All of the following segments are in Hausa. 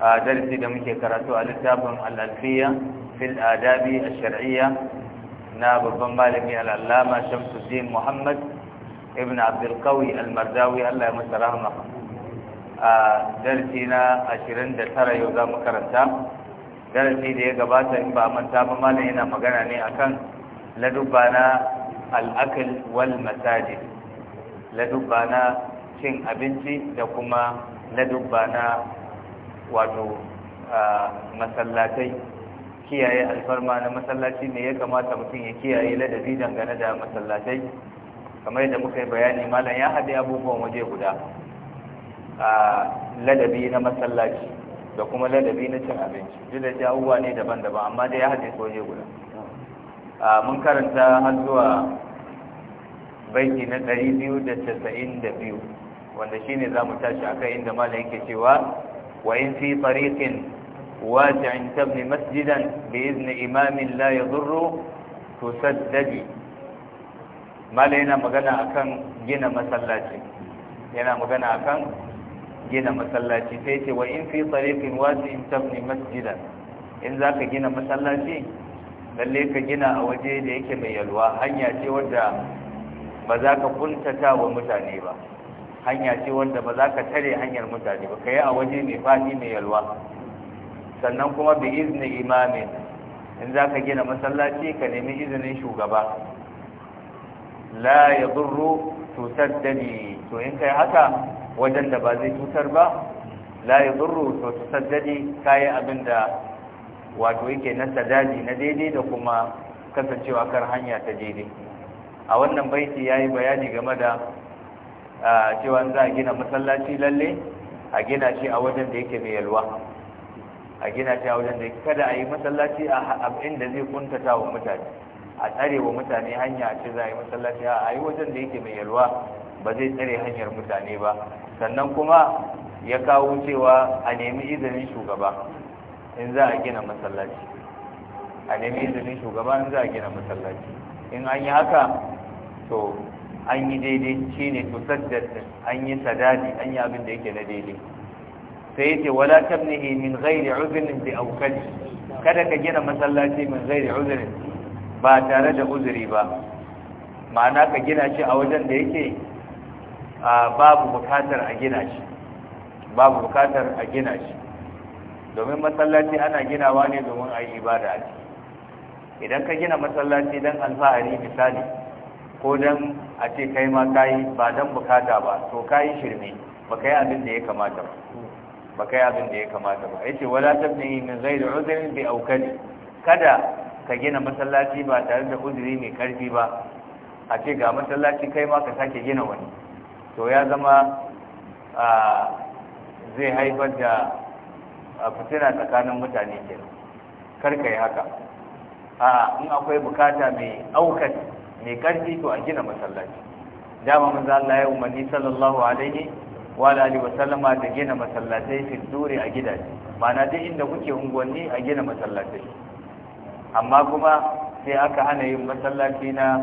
a darasi da muke karatu a littafin al'alfiya fil adabi a shar'iyya na babban malami al'allama shamsuddin muhammad ibn abdulkawi al-mardawi allah ya masa rahama a ashirin na tara yau za mu karanta darasi da ya gabata in ba manta ba malam yana magana ne akan ladubba na al'akal wal masajid ladubba na cin abinci da kuma ladubba na wato masallatai kiyaye alfarma na masallaci ne ya kamata mutum ya kiyaye ladabi dangane da masallatai kamar yadda muka yi bayani malam ya haɗe abubuwan waje guda ladabi na masallaci da kuma ladabi na cin abinci duk da uwa ne daban-daban amma dai ya haɗe su waje guda mun karanta har zuwa baiki na ɗari biyu wanda shine za mu tashi a inda malam yake cewa وإن في طريق واسع تبني مسجدا بإذن إمام لا يضر تسدد ما لنا مغنى أكن جنى مسلاتي لنا مغنى أكن جنى مسلاتي تيتي وإن في طريق واسع تبني مسجدا إن ذاك جنى مسلاتي بل ليك gina أوجيه ليك da yake mai yalwa hanya ce wadda ba hanya ce wanda ba za ka tare hanyar mutane ba ka yi a waje mai faɗi mai yalwa sannan kuma bi izini imamin in za ka gina masallaci ka nemi izinin shugaba la ya zurru cutar to in kai haka wajen da ba zai cutar ba la ya zurru to cutar da ka yi abin da wato yake na sadadi na daidai da kuma kasancewa kar hanya ta daidai a wannan baiti ya yi bayani game da cewa za a gina masallaci lalle a gina shi a wajen da yake mai yalwa a gina shi a wajen da yake kada a yi masallaci a da zai kuntata wa mutane a tsare wa mutane hanya a ce za a yi masallaci a yi wajen da yake mai yalwa ba zai tsare hanyar mutane ba sannan kuma ya kawo cewa a nemi izinin shugaba in za a gina masallaci a nemi izinin shugaba in za a gina masallaci in an yi haka to an yi daidai ne tusaddad din an yi sadadi an yi abin da yake na daidai sai yace wala tabnihi min ghairi uzrin bi awkali kada ka gina masallaci min ghairi uzrin ba tare da uzuri ba ma'ana ka gina shi a wajen da yake babu bukatar a gina shi babu bukatar a gina shi domin masallaci ana ginawa ne domin a yi ibada idan ka gina masallaci don alfahari misali ko don a ce kai ma kayi ba don bukata ba to kayi shirme ba kai abin da ya kamata ba ba kai abin da ya kamata ba yace wala tabni min ghairi uzrin bi awkali kada ka gina masallaci ba tare da uzuri mai karfi ba a ce ga masallaci kai ma ka sake gina wani to ya zama zai haifar da fitina tsakanin mutane kenan kar ka yi haka a in akwai bukata mai aukati mai karfi to a gina masallaci dama manzo Allah ya umarni sallallahu alaihi wa alihi wa sallama da gina masallatai fi dure a gidaje ma'ana duk inda kuke unguwanni a gina masallatai amma kuma sai aka hana yin masallaci na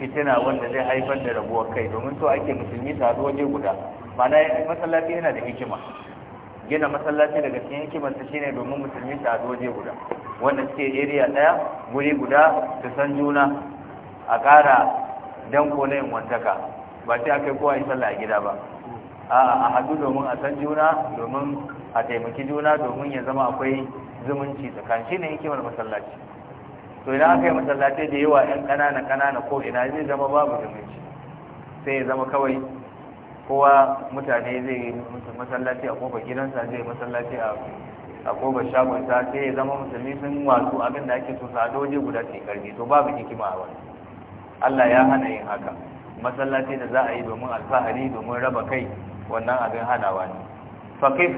fitina wanda zai haifar da rabuwar kai domin to ake musulmi tare waje guda ma'ana masallaci yana da hikima gina masallaci daga cikin ta shine domin musulmi su waje guda wanda suke area daya guri guda su san juna a ƙara danko na yin wantaka ba sai aka yi kowa yi sallah a gida ba a haɗu domin a san juna domin a taimaki juna domin ya zama akwai zumunci tsakanin shi ne hikimar masallaci to idan aka yi masallaci da yawa yan ƙanana ƙanana ko ina zai zama babu zumunci sai ya zama kawai kowa mutane zai yi masallaci a kofar gidansa zai masallaci a a kofar shagonsa sai ya zama musulmi sun wasu abin da ake so sa waje guda ce karfi to babu hikima a wani Allah ya hana yin haka masallaci da za a yi domin alfahari domin raba kai wannan abin hanawa ne faqif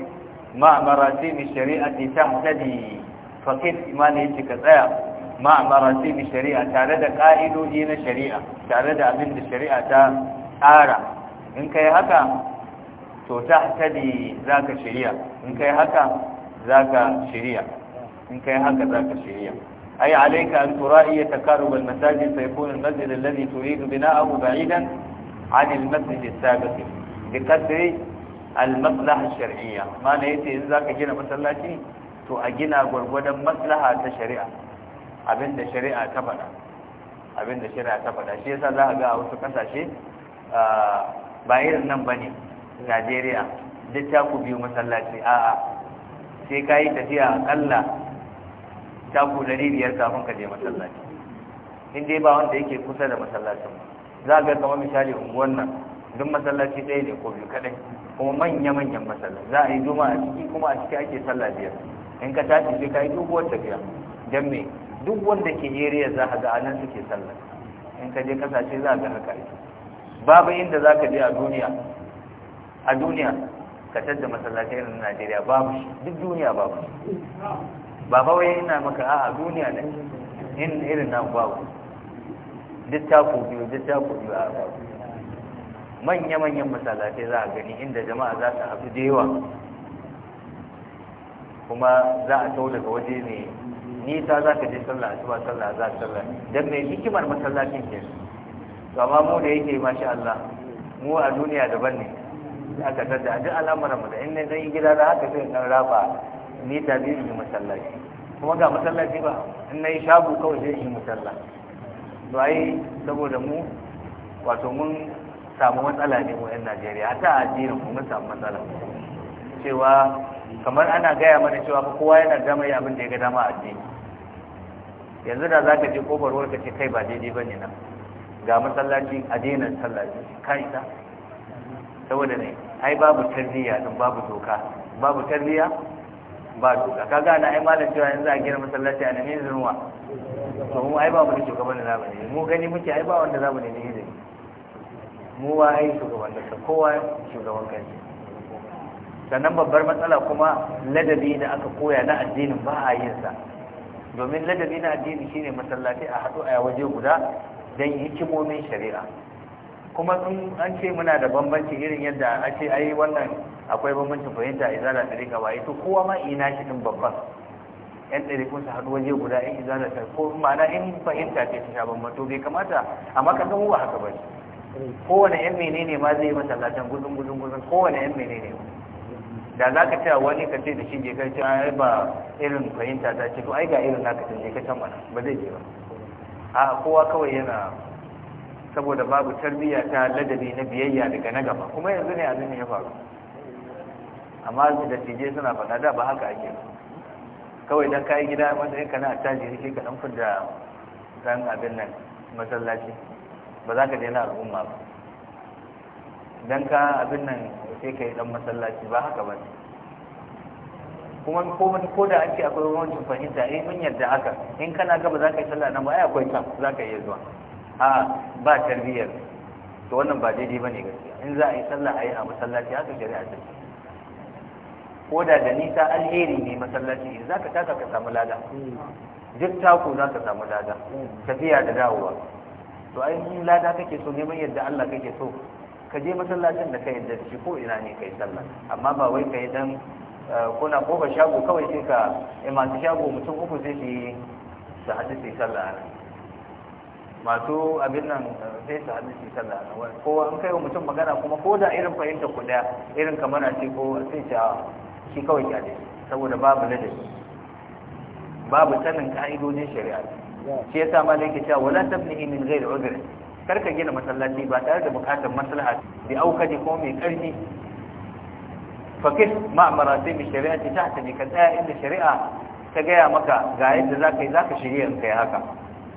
ma maratib shari'ati tahtadi faqif imani yake ka tsaya ma maratib shari'a tare da ka'idoji na shari'a tare da abin da shari'a ta tsara in kai haka to tahtadi zaka shari'a in kai haka zaka shari'a in kai haka zaka shari'a أي عليك أن ترائي تكارب المساجد فيكون المسجد الذي تريد بناءه بعيدا عن المسجد السابق بقدر المصلحة الشرعية ما نيتي إذا ذاك مسلاتي to a gina gwargwadon maslaha ta shari'a shari'a ta faɗa da shari'a ta faɗa shi yasa za a ga a wasu ƙasashe ba irin nan bane Najeriya duk ta ku biyu masallaci a'a sai ka yi tafiya akalla taku dari biyar kafin ka je masallaci in dai ba wanda yake kusa da masallacin za ga kamar misali unguwar nan duk masallaci ɗaya ne ko biyu kaɗai kuma manya-manyan masallaci za a yi juma a ciki kuma a ciki ake sallah biyar in ka tashi sai ka yi doguwar tafiya dan me duk wanda ke area za a ga anan suke sallah in ka je kasashe za a ga haka babu inda za ka je a duniya a duniya ka tadda masallaci irin Najeriya babu shi duk duniya babu shi ba fa wai ina maka a duniya ne in irin nan babu duk ta ku biyu duk ta ku biyu a babu manya-manyan masalatai za a gani inda jama'a za su hafi da yawa kuma za a tau daga waje ne nisa za ka je sallah asuba sallah za sallah dan mai hikimar masallacin ke to amma mu da yake masha Allah mu a duniya daban ne aka tada duk al'amuran mu da in ne zan yi gida da haka sai in raba ni ta biyu in yi masallaci kuma ga masallaci ba in na yi shago kawai zai yi masalla to ai saboda mu wato mun samu matsala ne mu yan Najeriya a ta addinin mu mun samu matsala cewa kamar ana gaya mana cewa ba kowa yana gama yi abin da ya ga dama addini yanzu da za ka je kofar warka ce kai ba daidai ba ne nan ga masallaci a daina sallaci ka isa saboda ne ai babu tarbiyya din babu doka babu tarbiyya ba duka kaga na ai malam cewa yanzu a gina masallaci a nemi izinin to mu ai ba mu da gaban da zamu ne mu gani muke ai ba wanda zamu ne ne izini mu wa ai shugaban da kowa shugaban kai sannan babbar matsala kuma ladabi da aka koya na addinin ba a yin sa domin ladabi na addini shine masallaci a hadu a waje guda dan hikimomin shari'a kuma sun an ce muna da bambanci irin yadda a ce ai wannan akwai bambancin fahimta a izala ɗariƙa waye to kowa ma ina shi din babban yan ɗariƙun su haɗu waje guda in izala ta ko ma'ana in fahimta ce ta bamban mato bai kamata amma ka san ba haka ba kowane yan menene ma zai yi masallacin gudun gudun gudun kowane yan menene da za ka cewa wani ka ce da shi je kai ai ba irin fahimta ta ce to ai ga irin naka ta je ka can mana ba zai je ba a kowa kawai yana saboda babu tarbiyya ta ladabi na biyayya daga na gaba kuma yanzu ne abin ya faru amma su da tije suna faɗa da ba haka ake kawai don kai gida wanda yanka na tajiri shi ka dan da zan abin nan masallaci ba za ka daina al'umma ba don ka abin nan sai ka yi ɗan masallaci ba haka ba kuma ko da ake akwai wancan fahimta eh mun yadda haka in kana gaba za ka yi sallah nan ba ai akwai ta za ka yi zuwa a ba tarbiyyar to wannan ba daidai ba ne gaskiya in za a yi sallah a yi a masallaci haka shari'a ta ce ko da da nisa alheri ne masallaci in za ka taka ka samu lada duk taku za ka samu lada tafiya da dawowa to ai in lada kake so neman yadda Allah kake so ka je masallacin da ka yadda shi ko ina ne kai sallah amma ba wai kai dan kuna eh, ko ba shago kawai sai ka eh shago mutum uku sai su yi su haɗu su yi sallah masu abin nan sai su haɗu shi kaza ko an kai wa mutum magana kuma ko da irin fahimta ku irin kamar a ce ko sai shawa shi kawai kyale saboda babu ladabi babu sanin ka'idojin shari'a shi ya sa ma da yake cewa wala zai min ghairi udhr ka gina masallaci ba tare da bukatar maslaha bi aukaji ko mai karfi fakis ma bi shari'a ta ta ne ka tsaya inda shari'a ta gaya maka ga yadda zaka yi zaka shirya in kai haka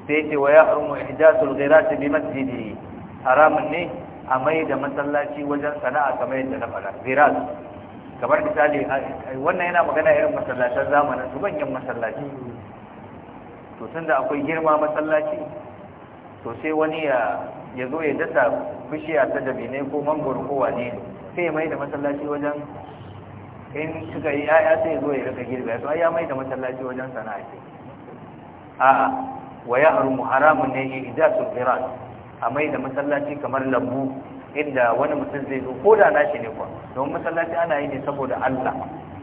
sai ce wa ya'rumu ihdatul ghirati bi masjidi haramun ne a mai da masallaci wajen sana'a kamar yadda na faɗa ghirat kamar misali wannan yana magana irin masallacin zamanin su manyan masallaci to tunda akwai girma masallaci to sai wani ya ya zo ya dasa bishiya ta dabine ko mangoro ko wane sai ya mai da masallaci wajen in suka yi ya'ya sai ya zo ya rika girbi ai ya mai da masallaci wajen sana'a a'a wa ya'rumu haramun ne idza sufirat a mai da masallaci kamar lambu inda wani mutum zai zo ko da nashi ne kuwa don masallaci ana yi ne saboda Allah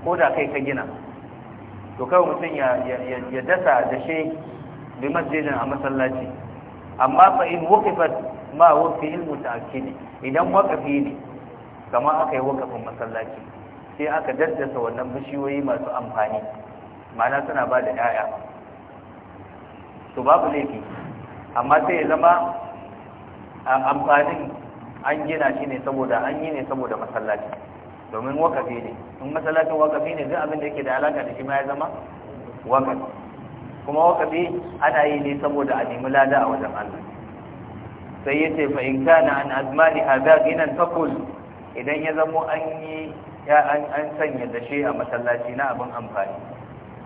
ko da kai ka gina to kawai mutum ya dasa da shi bi masjidin a masallaci amma fa in waqifat ma waqfi al ne idan wakafi ne kamar aka yi wakafin masallaci sai aka daddasa wannan bishiyoyi masu amfani ma'ana suna ba da 'ya'ya to babu laifi amma sai ya zama amfanin an gina shi ne saboda an yi ne saboda masallaci domin wakafi ne in masallacin wakafi ne zai abin da yake da alaka da shi ma ya zama wakafi kuma wakafi ana yi ne saboda a nemi lada a wajen Allah sai ya ce fa in kana an azmani hada ginan takul idan ya zamo an yi ya an an sanya da shi a masallaci na abin amfani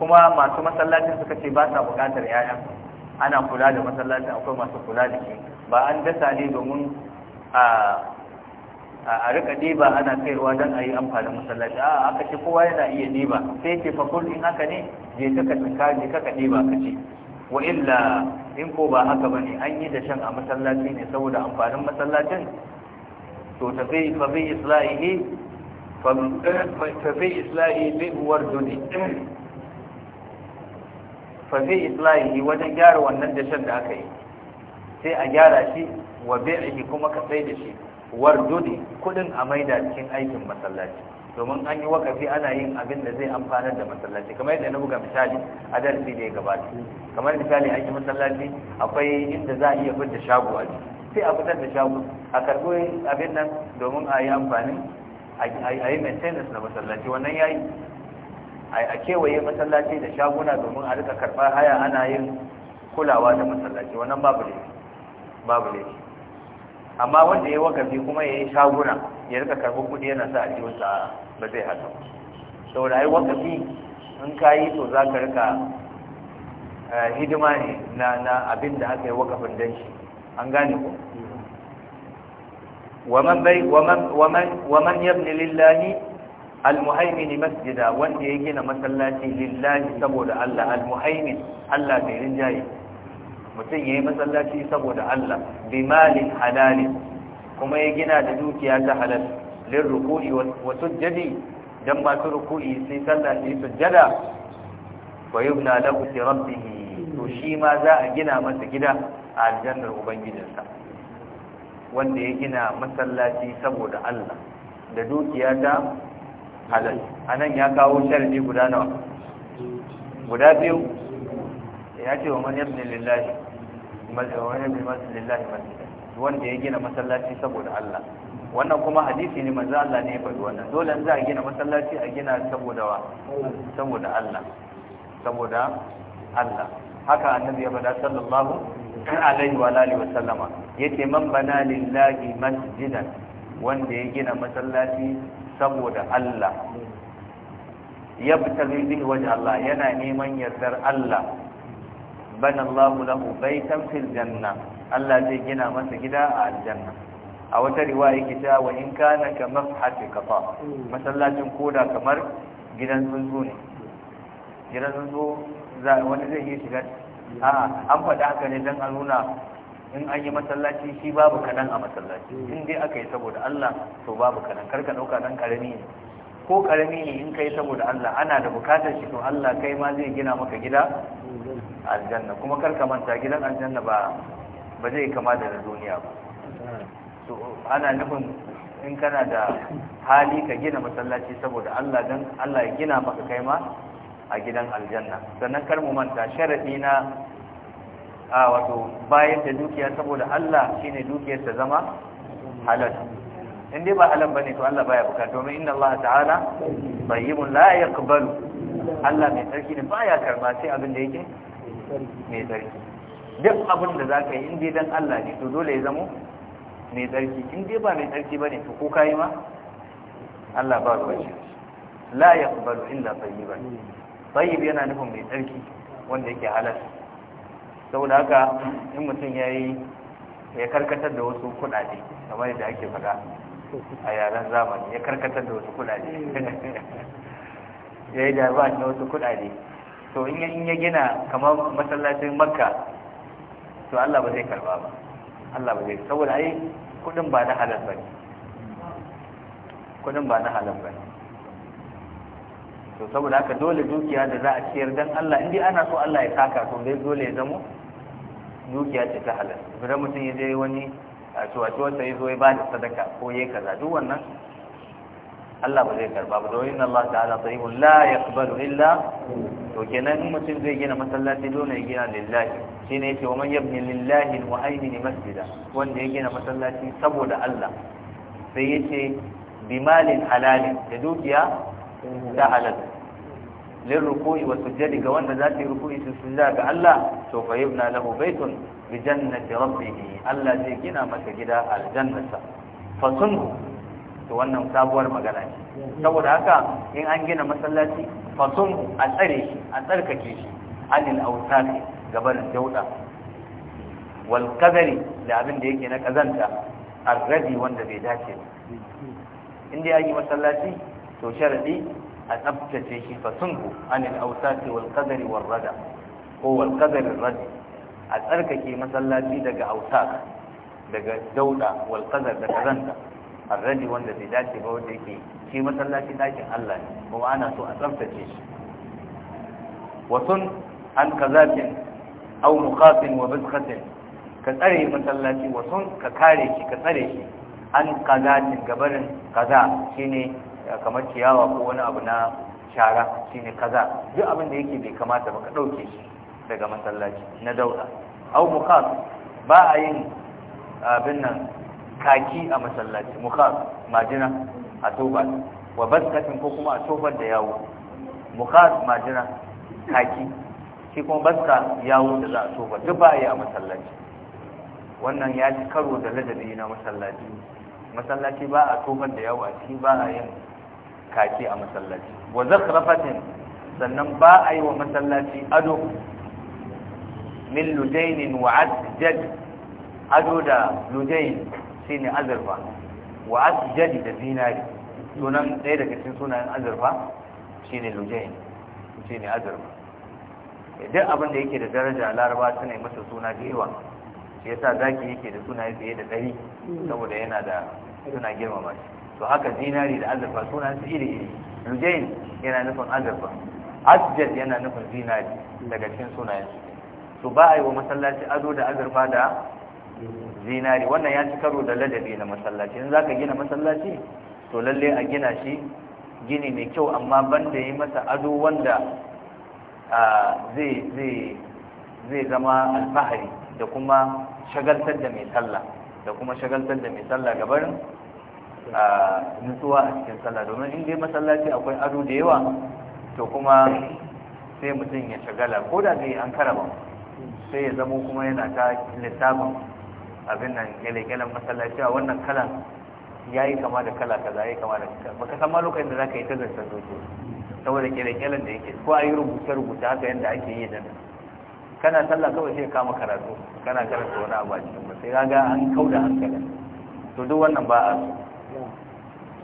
kuma masu masallacin suka ce ba sa bukatar 'ya'yan ana kula da masallaci akwai masu kula da shi ba an dasa ne domin a rika ɗiba ana kaiwa don a yi amfanin masallaci a aka ce kowa yana iya ɗiba sai ke fakul in haka ne je ka ka je ka diba ka ce wa illa in ko ba haka ba ne an yi da shan a masallaci ne saboda amfanin masallacin to tafi fafi isla'ihi fafi isla'i bai uwar dole fa bi islahi wajen gyara wannan dashen da aka yi sai a gyara shi wa bi'ihi kuma ka sai da shi wardudi kudin a maida cikin aikin masallaci domin an yi wakafi ana yin abin da zai amfanar da masallaci kamar yadda na buga misali a darasi da ya gabata kamar misali an yi masallaci akwai inda za a iya fitar da shago a ciki sai a fitar da shago a karɓo abin nan domin a yi amfanin a yi maintenance na masallaci wannan ya yi. a kewaye masallaci da shaguna domin a rika karɓar haya ana yin kulawa da masallaci wannan babu ne babu ne amma wanda ya wakafi kuma ya yi shaguna ya rika karɓar kuɗi yana sa a ji sa ba zai haka saboda ai wakafi in ka yi to za ka rika eh, hidima ne na na abin da aka yi wakafin dan shi an gane ko ومن بي ومن al masjida wanda ya gina masallaci lillahi saboda Allah al Allah bai rinjaye mutum yayi masallaci saboda Allah bi malin halalin kuma ya gina da dukiya ta halal lin ruku'i wa sujjadi dan masu ruku'i sai sallah sai sujjada wa yubna lahu fi to shi ma za a gina masa gida a aljannar ubangijinsa wanda ya gina masallaci saboda Allah da dukiya ta halal anan ya kawo sharadi guda nawa guda biyu ya ce wa man yabni lillahi man yabni lillahi wanda ya gina masallaci saboda Allah wannan kuma hadisi ne manzo Allah ne ya faɗi wannan dole za a gina masallaci a gina saboda wa saboda Allah saboda Allah haka annabi ya faɗa sallallahu alaihi wa alihi wa sallama yace man bana lillahi masjidan wanda ya gina masallaci saboda Allah ya bitabi bihi waje Allah yana neman yardar Allah bana Allah lahu baitan fil janna Allah zai gina masa gida a aljanna a wata riwaya yake cewa wa in kana ka mafhati kafa masallacin koda kamar gidan tsuntsu ne gidan tsuntsu za wani zai yi shiga a an faɗa haka ne don a nuna in an yi masallaci shi babu kanan a masallaci in dai aka yi saboda Allah to babu kanan karka dauka dan karami ne ko karami ne in kai saboda Allah ana da bukatar shi to Allah kai ma zai gina maka gida aljanna kuma karka manta gidan aljanna ba ba zai kama da na duniya ba to ana nufin in kana da hali ka gina masallaci saboda Allah dan Allah ya gina maka kai ma a gidan aljanna sannan kar mu manta sharadi na a wato bayan da dukiya saboda Allah shine dukiyar ta zama halal in dai ba halal bane to Allah baya buƙata domin inna Allah ta'ala tayyibun la yaqbalu Allah mai tsarki ne baya karba sai abin da yake mai tsarki duk abin da zaka yi in dai dan Allah ne to dole ya zamo mai tsarki in dai ba mai tsarki bane to ko kai ma Allah ba ruwa shi la yaqbalu illa tayyiban tayyib yana nufin mai tsarki wanda yake halal saboda haka in mutum ya yi ya karkatar da wasu kudade kamar yadda ake faɗa a yaren zamani ya karkatar da wasu kudade ya yi da ba na wasu kudade to in ya gina kamar masallacin makka to Allah ba zai karba ba Allah ba zai saboda ai kudin ba na halal bane kudin ba na halal bane to saboda haka dole dukiya da za a ciyar dan Allah indai ana so Allah ya saka to dai dole ya zamo dukiya ce ta halal idan mutum ya je wani a ciwaciwar ya zo ya ba da sadaka ko ya kaza duk wannan Allah ba zai karba ba domin Allah ta'ala tayyibun la yaqbalu illa to kenan mutum zai gina masallaci dole ya gina lillahi shine yace wa man yabni lillahi al-mu'ayyin masjida wanda ya gina masallaci saboda Allah sai ce bimalin halalin da dukiya ta halal lil ruku'i wa sujudi ga wanda za ta yi ruku'i su ga Allah to fa yabna lahu baitun bi jannati rabbih Allah zai gina masa gida aljannata fa sunhu wannan sabuwar maganaci saboda haka in an gina masallaci fa sunhu a tsare shi a tsarkake shi anil awsaq gaban dauda wal qadari da abinda yake na kazanta argadi wanda bai dace ba inda dai an yi masallaci to sharadi a tsabtace shi fa fasunku anil ausati wal qadari wal rada ko wal qadari rada a tsarkake masallaci daga ausak daga dauda wal qadar da kazanta arradi wanda zai dace ba wanda yake shi masallaci dakin Allah ne kuma ana so a tsaftace shi wasun an kazatin aw muqatin wa bizqatin ka tsare masallaci sun ka kare shi ka tsare shi an kazatin gabarin kaza shine kamar ciyawa ko wani abu na shara shi ne kaza duk abin da yake bai kamata ba ka dauke shi daga masallaci na daura au mukas ba a yin abin nan kaki a masallaci mukas majina a toba wa baskatin ko kuma a tofar da yawo mukas majina kaki shi kuma baska yawo da za a tofar duk ba a yi a masallaci wannan ya ci karo da ladabi na masallaci masallaci ba a tofar da yawo a ciki ba a yin kaki a masallaci wa zakhrafatin sannan ba a yi wa masallaci ado min lujainin wa asjad ado da lujain shi ne azurfa wa jadi da zinari sunan ɗaya daga cikin sunayen azurfa shi ne lujain shi ne azurfa eh, duk abin da yake da daraja laraba suna yi masa suna da yawa shi yasa zaki yake da sunaye fiye da ɗari saboda yana da suna girmama shi to haka zinari da azurfa sunan su iri iri rujain yana nufin azurfa asjad yana nufin zinari daga cikin sunayen su ba a yi wa masallaci ado da azurfa da zinari wannan ya ci karo da ladabi na masallaci in zaka gina masallaci to lalle a gina shi gini mai kyau amma banda yi masa ado wanda zai zama alfahari da kuma shagaltar da mai sallah da kuma shagaltar da mai sallah gabarin nutsuwa a cikin sallah domin in dai masallaci akwai ado da yawa to kuma sai mutum ya shagala ko da zai an kara sai ya zamo kuma yana ta littafin abin nan gyale-gyalen masallaci a wannan kalan ya yi kama da kala kaza ya yi kama da kala baka san lokacin da za ka yi ta zancen zoce saboda gyale da yake ko a yi rubuce-rubuce haka yadda ake yi da nan kana sallah kawai sai kama karatu kana karanta wani abu a cikin ba sai ga an kauda hankali to duk wannan ba a so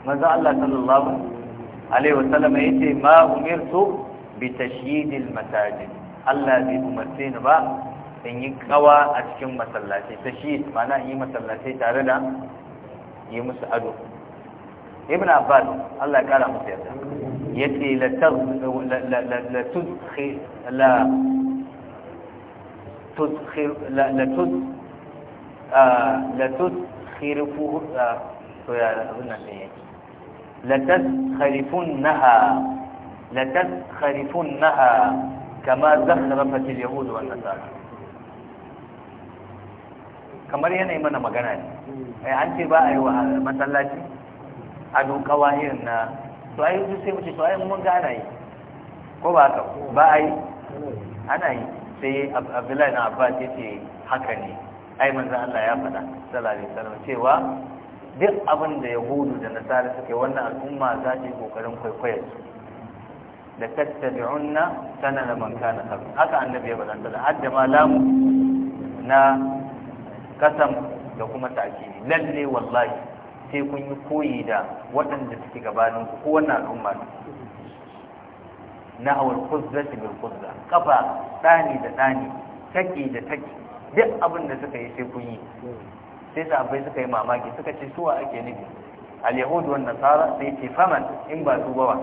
manzo Allah sallallahu alaihi wasallam yace ma umirtu bi tashyidil masajid Allah bi umarce ba in yi kawa a cikin masallaci tashyid mana yi masallaci tare da yi musu ado ibn abbas Allah ya kara musu yarda yace la la tudkhil la tudkhil la tud ah, la tudkhil ah, ya abun nan لتسخرفنها لتسخرفنها كما زخرفت اليهود والنصارى kamar yanayi mana magana ne ai an ce ba a yi wa masallaci a dokawa irin na to ai yanzu sai mace to ai mun ga ana yi ko ba haka ba a yi ana yi sai abdullahi na Abba ce ce haka ne ai manzo Allah ya faɗa sallallahu alaihi wasallam cewa duk abin da yahudu da nasara suke wannan al'umma za ta yi kokarin kwaikwayar su da tattabi'unna sana da man kana kabi haka annabi ya bazanta da hadda ma lamu na kasam da kuma ta'kidi lalle wallahi sai kun yi koyi da waɗanda suke gabanin ku wannan al'umma na awal kuzzati bil kuzza kafa tsani da tsani taki da taki duk abin da suka yi sai kun yi sai sahabbai suka yi mamaki suka ce suwa ake nufi al-yahud wa nasara sai ce faman in ba su ba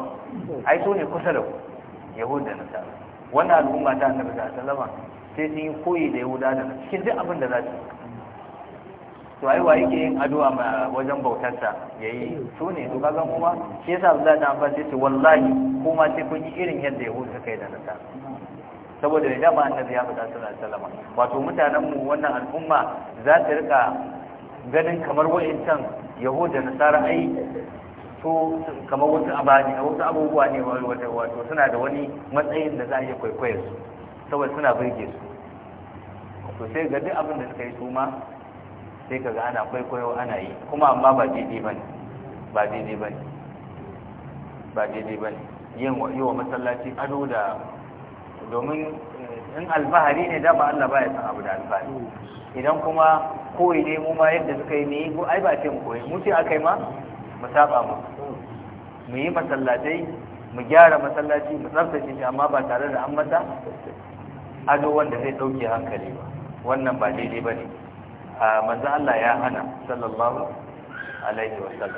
ai su ne kusa da ku yahud da nasara wannan al'umma ta annabi da sallama sai sun yi koyi da yahuda da cikin duk abin da za su to ai wa yake yin addu'a wajen bautarsa yayi su ne to kaga kuma shi yasa Allah da amfani sai ce wallahi kuma sai kun yi irin yadda yahudu suka yi da nasara saboda da dama annabi ya faɗa sallallahu alaihi wasallam wato mutanen mu wannan al'umma za ta rika ganin kamar wa'incan yahuda nasara ai to kamar wasu abani a wasu abubuwa ne wato suna da wani matsayin da za a iya kwaikwayar su saboda suna birge su to sai ga duk abin da suka yi suma sai ka ga ana kwaikwayo ana yi kuma amma ba daidai ba ne ba daidai ba ne ba daidai ba ne yin wa masallaci ado da domin eh, in alfahari ne da Allah ba ya san abu da alfahari idan kuma koyi ne mu ma yadda suka yi ne ko ai ba ce mu koyi mu ce aka yi ma mu saba mu mu yi masallatai mu gyara masallaci mu tsaftace shi amma ba tare da an mata ado wanda zai dauke hankali ba wannan ba daidai bane a manzo Allah ya hana sallallahu alaihi wasallam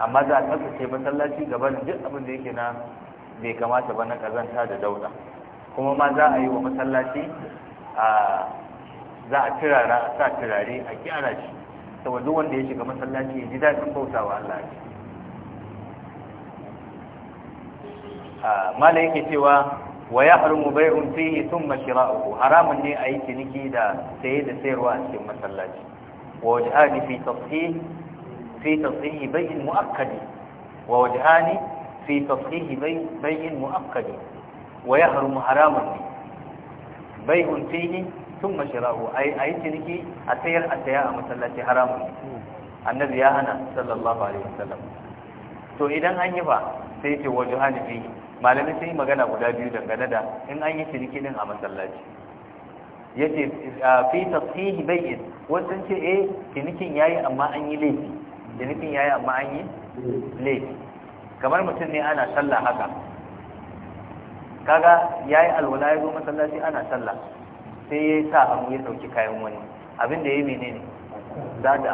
amma za a tsaftace masallaci gaban duk abin da yake na bai kamata ba na kazanta da dauda kuma ma za a yi wa masallaci a za a turara a sa turare a gyara shi saboda wanda ya shiga masallaci ya ji daɗin bautawa Allah ne mala yake cewa wa ya harumu bai fihi sun shira'uhu haramun ne a yi ciniki da saye da sayarwa a cikin masallaci wa wajhani fi fi tafsihi bai'in mu'akkadi wa fi mu'akkadi wa ya harumu haramun ne bai hunfihi tun mashira'u a yi ciniki a sayar a saya a masallaci haramun ne annabi ya hana sallallahu alaihi wa sallam. to idan an yi ba sai ce wajen hannufi malami sai yi magana guda biyu dangane da in an yi ciniki din a masallaci ya ce a fi tashihi bayyin wasu ce eh cinikin yayi amma an yi laifi cinikin yayi amma an yi laifi kamar mutum ne ana sallah haka kaga yayi alwala ya zo masallaci ana sallah sai ya sa abu ya dauki kayan wani abin da yayi menene zada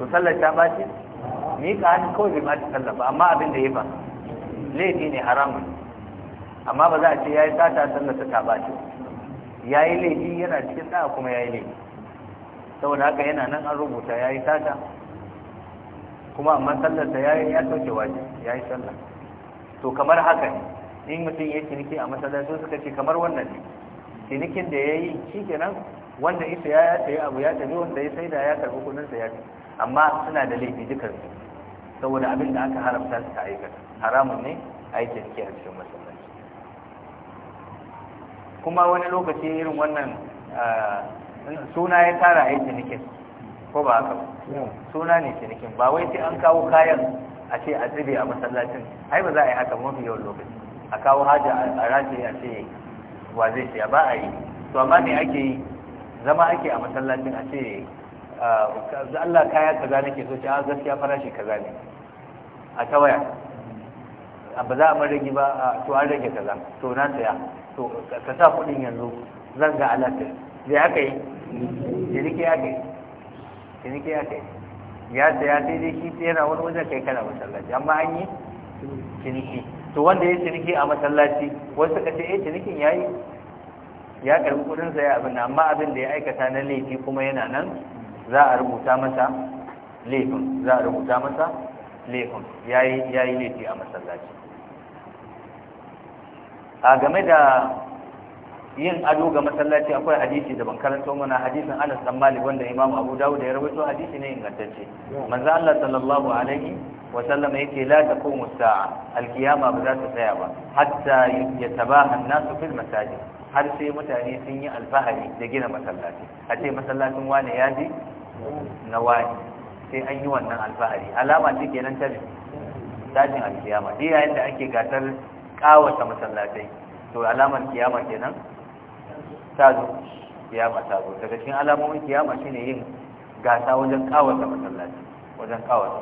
to sallar ta bace ni ka hannu kawai bai baci sallah ba amma abin da yayi ba laifi ne haramun amma ba za a ce yayi sata sallar ta ta ya yayi laifi yana cikin sa'a kuma yayi laifi saboda haka yana nan an rubuta yayi sata kuma amma sallar ta yayi ya sauke wajibi yayi sallah to kamar haka ne in mutum ya ciniki a masallaci suka ce kamar wannan ne cinikin da ya yi shi kenan wanda ita ya sayi abu ya tafi wanda ya sai da ya karɓi kudin sa ya ci amma suna da laifi dukkan su saboda abin da aka haramta su ka aikata haramun ne a yi ciniki a cikin masallaci kuma wani lokaci irin wannan ah, suna ya tara a yi cinikin ko ba haka suna ne cinikin ba wai sai an kawo kayan a ce a tsibe a masallacin ai ba za a yi haka mafi yawan lokaci a kawo haja a rataye a ce wa zai siya ba a yi to amma ne ake yi zama ake a masallacin a ce ah, Allah kaya kaza nake so ce a ah, gaskiya farashi kaza ne a ta waya ba za a man rage ba to an rage kaza to na saya to ka sa kuɗin yanzu zan ga alatar zai aka yi ciniki aka yi ciniki aka yi ya saya sai dai shi yana wani wajen kai kana masallaci amma an yi ciniki to wanda ya ciniki a masallaci wasu suka ce eh cinikin yayi ya karbi kudin sa ya abin amma abin da ya aikata na laifi kuma yana nan za a rubuta masa laifin za a rubuta masa laifin yayi yayi laifi a masallaci a game da yin ado ga masallaci akwai hadisi da ban karanto mana hadisin Anas dan Malik wanda Imam Abu Dawud ya rawaito hadisi ne ingantacce manzo Allah sallallahu alaihi wa sallam yake la taqumu sa'a alkiyama ba za ta tsaya ba hatta yatabaha an-nasu fil masajid har sai mutane sun yi alfahari da gina masallaci a ce masallacin wani ya ji na wani sai an yi wannan alfahari alama ce kenan ta tashin alkiyama dai yayin da ake gatar kawata masallatai to alamar kiyama kenan ta zo kiyama ta zo daga cikin alamomin kiyama shine yin gasa wajen kawata masallaci wajen kawata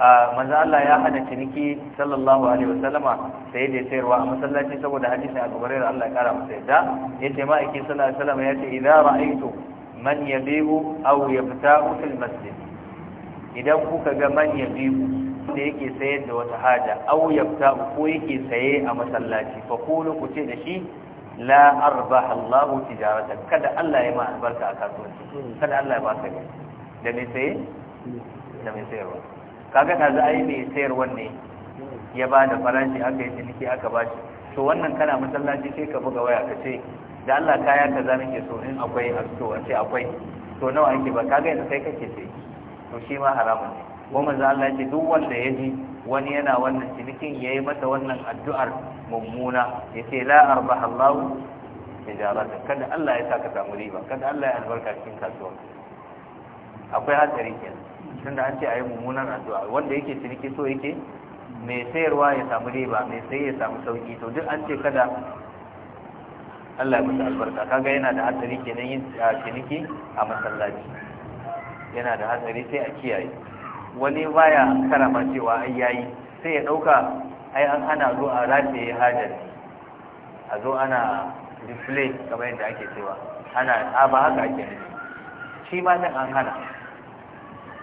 a ah, manzo Allah ya hana ciniki sallallahu alaihi wasallama sai ya sayarwa a masallaci saboda hadisin Abu Hurairah Allah ya kara masa yadda yace ma ake sallallahu alaihi wasallama yace idza ra'aytu man yabihu aw yabta'u fil masjid idan kuka ga man yabihu da yake sayar da wata haja aw yabta ko yake saye a masallaci fa qulu ku ce da shi la arbaha Allah tijaratan kada Allah ya ma albarka a kasuwanci kada Allah ya ba ka da me saye da me sayarwa kaga kaza ai me sayar wanne ya ba da faranti aka yi ciniki aka ba shi to wannan kana masallaci sai ka buga waya ka ce da Allah kaya kaza nake so in akwai a to a ce akwai to nawa ake ba kaga yanzu kai kake ce? to shi ma haramun ne ko manzo Allah ya ce duk wanda ya ji wani yana wannan cinikin yayi masa wannan addu'ar mummuna yace la arbaha Allah tijaratan kada Allah ya saka samu riba kada Allah ya albarka cikin kasuwa akwai hatsari kenan tunda an ce ayi mummunar addu'a wanda yake ciniki so yake mai sayarwa ya samu riba mai sai ya samu sauki to duk an ce kada Allah ya masa albarka kaga yana da hatsari kenan yin ciniki a masallaci yana da hatsari sai a kiyaye wani baya karama cewa ai yayi sai ya dauka ai an ana zo a rafe hajar a zo ana display kamar yadda ake cewa ana a ba haka ake nufi shi ma din an hana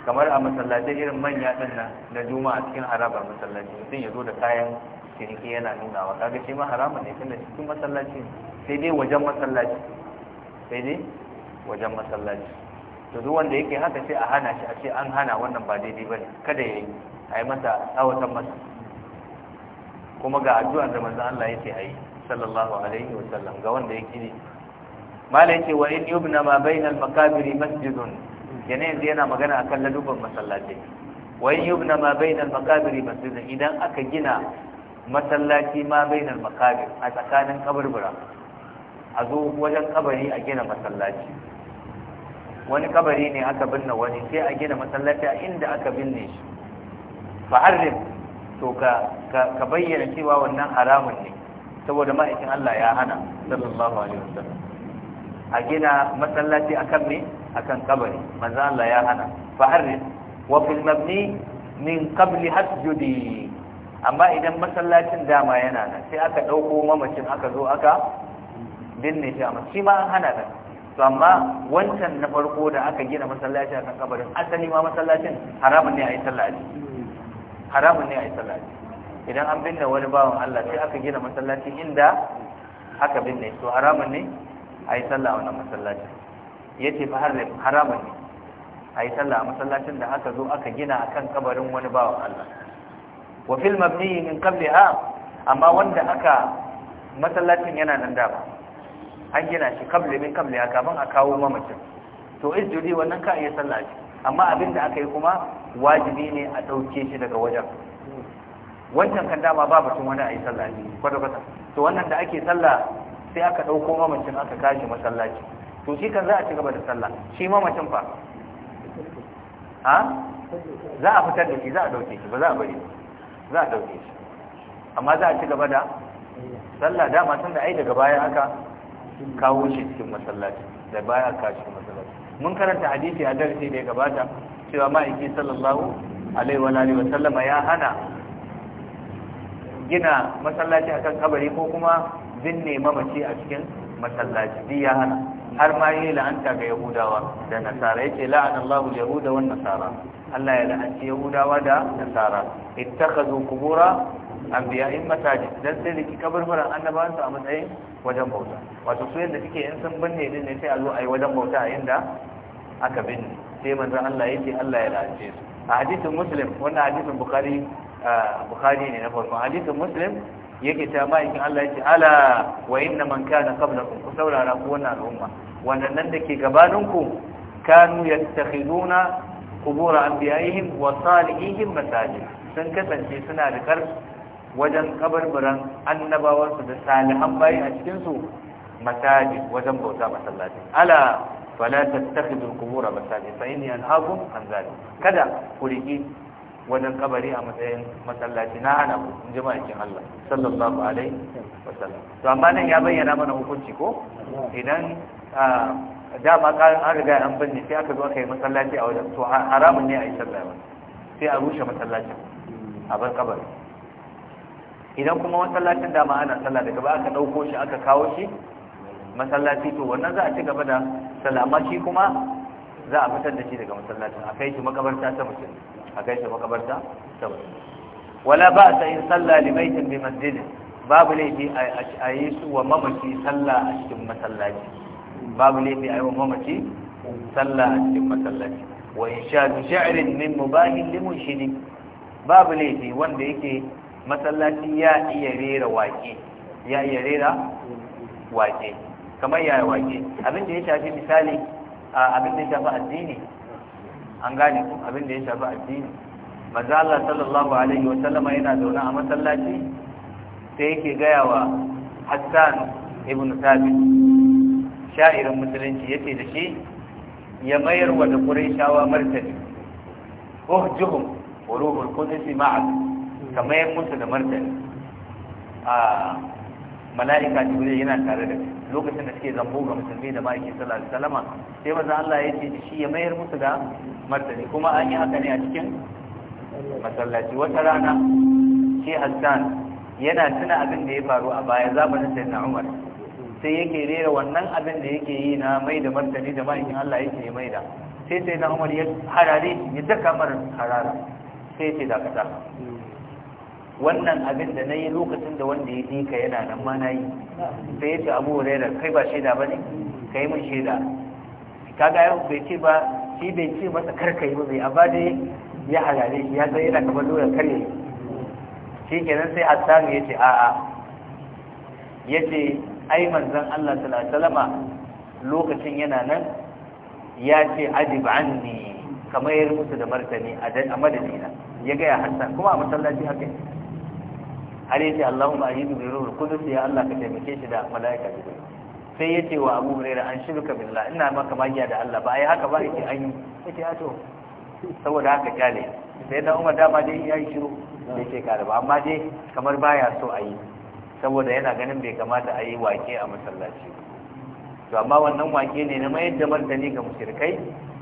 kamar a masallaci irin manya din nan na juma'a cikin haraba masallaci mutum ya zo da kayan ciniki yana wa kaga shi ma harama ne tunda cikin masallaci sai dai wajen masallaci sai dai wajen masallaci to duk wanda yake haka sai a hana shi a ce an hana wannan ba daidai bane kada yayi a yi masa tsawatan masa kuma ga addu'ar da manzo Allah yake ayi sallallahu alaihi wa sallam ga wanda yake ne mala yake wa in yubna ma al makabiri masjidun yana yanzu yana magana akan ladubar masallaci wa in yubna ma al makabiri masjidun idan aka gina masallaci ma al makabir a tsakanin kaburbura a zo wajen kabari a gina masallaci wani kabari ne aka binne wani sai a gina masallaci a inda aka binne shi fa'arrif to ka bayyana cewa wannan haramun ne saboda ma'aikin Allah ya hana sallallahu alaihi wasallam a gina masallaci akan me akan kabari manzo Allah ya hana fa'arrif wa fil mabni min qabli hasjudi amma idan masallacin dama yana nan sai aka dauko mamacin aka zo aka binne shi amma shi ma an hana nan to amma wancan na farko da aka gina masallaci a kan kabarin asali ma masallacin haramun ne a yi sallaci haramun ne a yi sallaci idan an binne wani bawan Allah sai aka gina masallaci inda aka binne to haramun ne a yi sallah a wannan masallacin yace fa haramun ne a yi sallah a masallacin da aka zo aka gina a kan kabarin wani bawan Allah wa fil mabni min qabliha amma wanda aka masallacin yana nan da ba an gina shi kable min kable a kafin a kawo mamacin to isjudi wannan ka iya sallah shi amma abin da aka yi kuma wajibi ne a ɗauke shi daga wajen wancan kan dama ba batun wani a yi sallah shi kwata-kwata to wannan da ake sallah sai aka ɗauko mamacin aka kashi masallaci to shi kan za a ci gaba da sallah shi mamacin fa ha za a fitar da shi za a ɗauke shi ba za a bari za a ɗauke shi amma za a ci gaba da sallah dama tun da ai daga baya aka kawo shi cikin masallaci da baya kawo shi masallaci mun karanta hadisi a darasi da ya gabata cewa ma'aiki sallallahu alaihi wa alihi wa sallama ya hana gina masallaci akan kabari ko kuma binne mamaci a cikin masallaci duk ya hana har ma yi la'anta ga yahudawa da nasara yake la'ana Allahu yahuda wan nasara Allah ya la'anci yahudawa da nasara ittakhadhu qubura anbiya'in masajid don sai da ke kaburburan annabawan su a matsayin wajen bauta wato su yadda suke yin sun binne din ne sai a zo a yi wajen bauta a inda aka binne sai manzon Allah ya ce Allah ya lalace su a hadisin muslim wannan hadisin bukari bukhari ne na farko hadisin muslim yake ta bayan Allah ya ce ala wa inna man kana qablakum ku saurara ku wannan al'umma wannan nan dake gabaninku kanu yattakhiduna qubur anbiya'ihim wa salihihim masajid sun kasance suna da wajen kabarbaran annabawansu da salihan bayi a cikinsu masaji wajen bauta masallaci ala fala al qubur masajid fa inni anhaakum an zalik kada ku riki wajen kabari a matsayin masallaci na hana ku jama'a cikin Allah sallallahu alaihi wasallam to amma nan ya bayyana mana hukunci ko idan da ma karin an riga an binne sai aka zo aka yi masallaci a wajen to haramun ne a yi sallah sai a rushe masallacin a bar kabari idan kuma masallacin dama ana sallah daga ba aka ɗauko shi aka kawo shi masallaci to wannan za a ci gaba da salama shi kuma za a fitar da shi daga masallacin a kai shi makabarta ta mutum a kai shi makabarta ta mutum wala ba a sayin sallah limaitin bi masjidin babu laifi a yi su wa mamaci sallah a cikin masallaci babu laifi a yi wa mamaci sallah a cikin masallaci wa in sha sha'irin min mubahin limun ne babu laifi wanda yake masallaci ya iya rera wake ya iya rera wake kamar ya wake abin da ya shafi misali abin da ya shafi addini an gane ku abin da ya shafi addini maza Allah sallallahu alaihi wa sallama yana zaune a masallaci sai yake gaya wa Hassan ibn Thabit sha'irin musulunci yace da shi ya mayar wa da Qurayshawa martani uhjuhum qulubul qudsi Ma'a. kamar yin musu da martani a mala'ika yana tare da lokacin da suke zambo ga musulmi da ma'aikin sallallahu alaihi wasallama sai maza Allah ya ce shi ya mayar musu da martani kuma an yi haka ne a cikin masallaci wata rana shi Hassan yana tuna abin da ya faru a baya zamanin sayyidina Umar sai yake rera wannan abin da yake yi na mai da martani da ma'aikin Allah yake mai da sai sai na umar ya harare ya daka mara harara sai ce dakata wannan abin da na yi lokacin da wanda ya dika yana nan ma na yi sai ya ce abu huraira kai ba shaida ba ne ka yi min shaida ga yau bai ce ba shi bai ce masa karka yi ba a ba dai ya halale shi ya zai yana kamar doya karye shi kenan sai hassan ya ce a'a ya ce ai manzan Allah sallallahu alaihi lokacin yana nan ya ce ajib ne. kamar ya musu da martani a madadina ya gaya hassan kuma a masallaci haka har yace Allahumma ahidu bi ruhul qudus ya Allah ka taimake shi da malaika jibril sai yace wa Abu Hurairah an shirka billah ina maka magiya da Allah ba ai haka ba yake an yi yace a ah, to saboda haka kale sai da Umar dama dai ya yi shiru da yake kare ba amma dai kamar baya so a yi saboda yana ganin bai kamata a yi wake a masallaci to amma wannan wake ne na mayar da martani ga mushrikai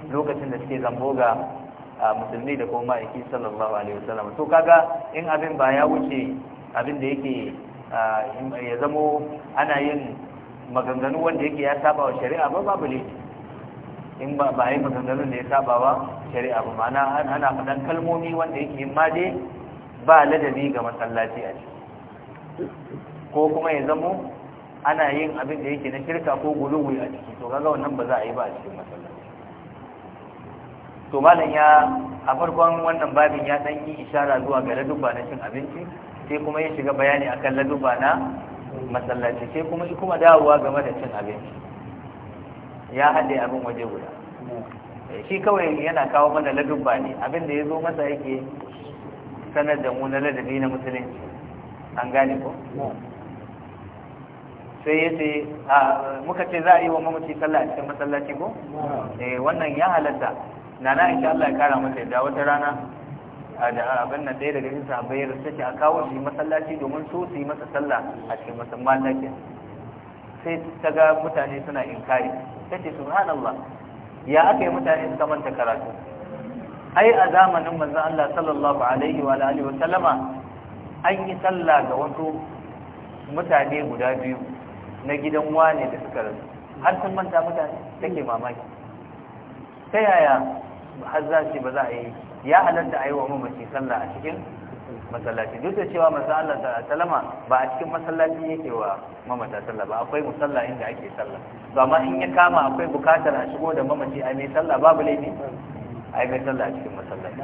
lokacin da suke zambo ga ah, musulmi da kuma ma'aiki sallallahu alaihi wasallam to kaga in abin ba ya wuce abin da yake ya zamo ana yin maganganu wanda yake ya saba wa shari'a ba babu ne in ba ba yi maganganun da ya saba wa shari'a ba ma'ana ana faɗan kalmomi wanda yake ma dai ba ladabi ga masallaci a ko kuma ya zamo ana yin abin da yake na shirka ko guluwi a ciki to kaga wannan ba za a yi ba a cikin masallaci to malam ya a farkon wannan babin ya ɗan yi ishara zuwa ga ladubba na cin abinci sai kuma ya shiga bayani akan laduba na masallaci sai kuma shi kuma dawowa game da cin abinci ya haɗe abin waje guda eh, shi kawai yana kawo mana laduba ne abin da ya zo masa yake sanar da mu na ladabi na musulunci an gane ko sai ya ce muka ce za a yi wa mamaci sallah a cikin masallaci ko eh, wannan ya halatta in insha Allah ya kara masa yadda wata rana da abin nan ɗaya daga cikin bai da suke a kawo shi masallaci domin su su yi masa sallah a cikin masallaci sai ta ga mutane suna inkari ta ce subhanallah ya aka yi mutane suka manta karatu ai a zamanin manzon Allah sallallahu alaihi wa alihi wa sallama an yi sallah ga wasu mutane guda biyu na gidan wane da suka rasu har sun manta mutane take mamaki ta yaya har za ba za a yi ya halatta a yi wa mamaci sallah a cikin masallaci duk da cewa manzo Allah sallama ba a cikin masallaci yake wa mamata sallah ba akwai musalla inda ake sallah to amma in ya kama akwai bukatar a shigo da mamaci a mai sallah babu laifi a yi mai sallah a cikin masallaci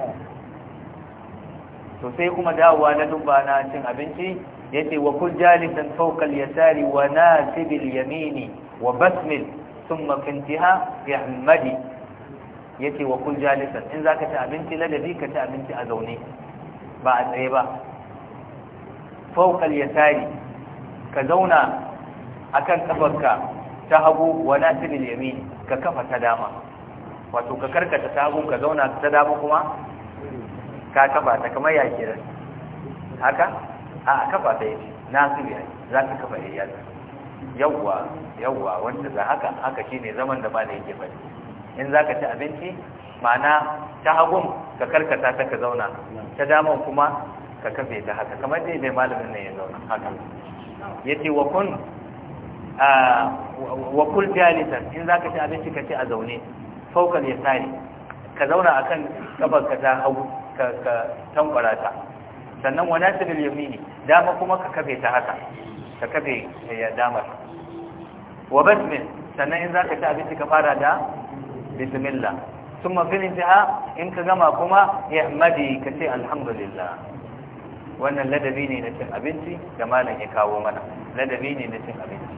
to sai kuma dawowa na dubba na cin abinci yace wa kul jalisan fawqa al-yasari wa nasibil yamini wa basmil thumma fi intiha yahmadi Yake wa kun jalisa in zaka ci abinci ladabi ka ci abinci a zaune ba a tsaye ba fawqal yasari ka zauna akan kafarka ta hagu wana nasilil yamin ka kafa ta dama wato ka karkata ta hagu ka zauna ta dama kuma ka kafa ta kamar ya kiran haka a kafa ta yace nasilil za zaka kafa yayin yawwa yawwa wanda za haka haka shine zaman da ba da yake bane in za ka ci abinci ma'ana ta hagun ka karkata ta ka zauna ta daman kuma ka kafe ta haka kamar dai mai malamin nan ya zauna haka ya ce wa kun kul jalisan in za ka ci abinci ka ci a zaune Faukar ya sare ka zauna a kan ka ta hagu ka tankwara ta sannan wa nasibil yamini dama kuma ka kafe ta haka ka kafe ya eh, damar wa basmin sannan in za ka ci abinci ka fara da bismillah ثم في الانتهاء إن كما كما يحمدي كتي الحمد لله وأن لدبي ne na cin abinci da malam ya kawo mana ladabi ne na cin abinci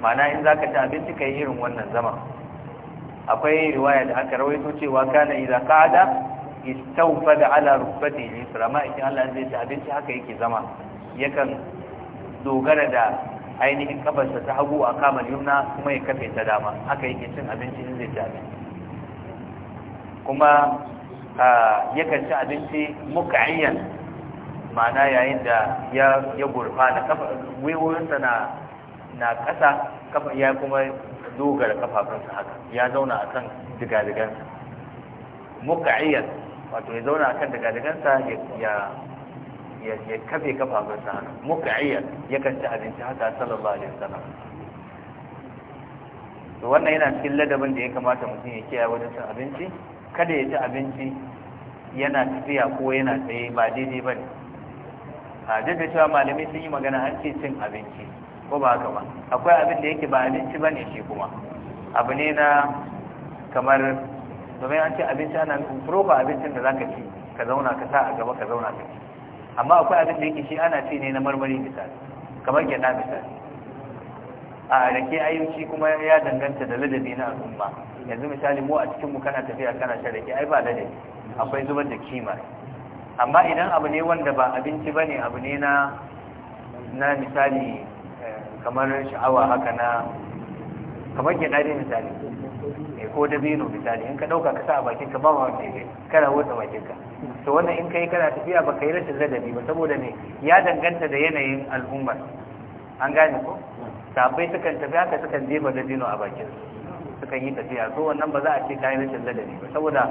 mana in zaka ci abinci yi irin wannan zama akwai riwaya da aka rawaito cewa kana idza qada istawfada ala rukbatihi yusra ma idan Allah zai ci abinci haka yake zama yakan dogara da ainihin kafarsa ta hagu a kama yumna kuma ya kafe ta dama haka yake cin abinci in zai ci abinci kuma yakan ci abinci muka ayyan ma'ana yayin da ya na kafa na na ƙasa ya kuma dogara kafafunsa haka ya zauna a kan digadigansa ayyan wato ya zauna a kan digadigansa ya ya kafe kafafunsa muka mukayyar yakan ci abinci haka sallallahu alaihi wasallam to wannan yana cikin ladabin da ya kamata mutum ya kiyaye wajen cin abinci kada ya ci abinci yana tafiya ko yana tsaye ba daidai ba ne a duk da cewa malamai sun yi magana an ce cin abinci ko ba haka ba akwai abin da yake ba abinci ba ne shi kuma abu ne na kamar domin an ce abinci ana nufin profa abincin da za ka ci ka zauna ka sa a gaba ka zauna ka ci amma akwai abin da yake shi ana ce ne na marmari misali kamar gyada misali a rake ayyuci kuma ya danganta da ladabi na al'umma yanzu misali mu a cikin mu kana tafiya kana shan rake ai ba ladabi akwai zubar da kima amma idan abu ne wanda ba abinci ba ne abu ne na na misali eh, kamar sha'awa haka na kamar gyada ne misali eh ko da bino misali in ka dauka ka sa a bakin ka ba ma wanda yake kana wata bakin ka to wannan in kai kana tafiya ba yi rashin ladabi ba saboda me ya danganta da yanayin al'ummar an gane ko sabai sukan tafi haka sukan ba da bino a bakin sukan yi tafiya to wannan ba za a ce ka yi rashin ladabi ba saboda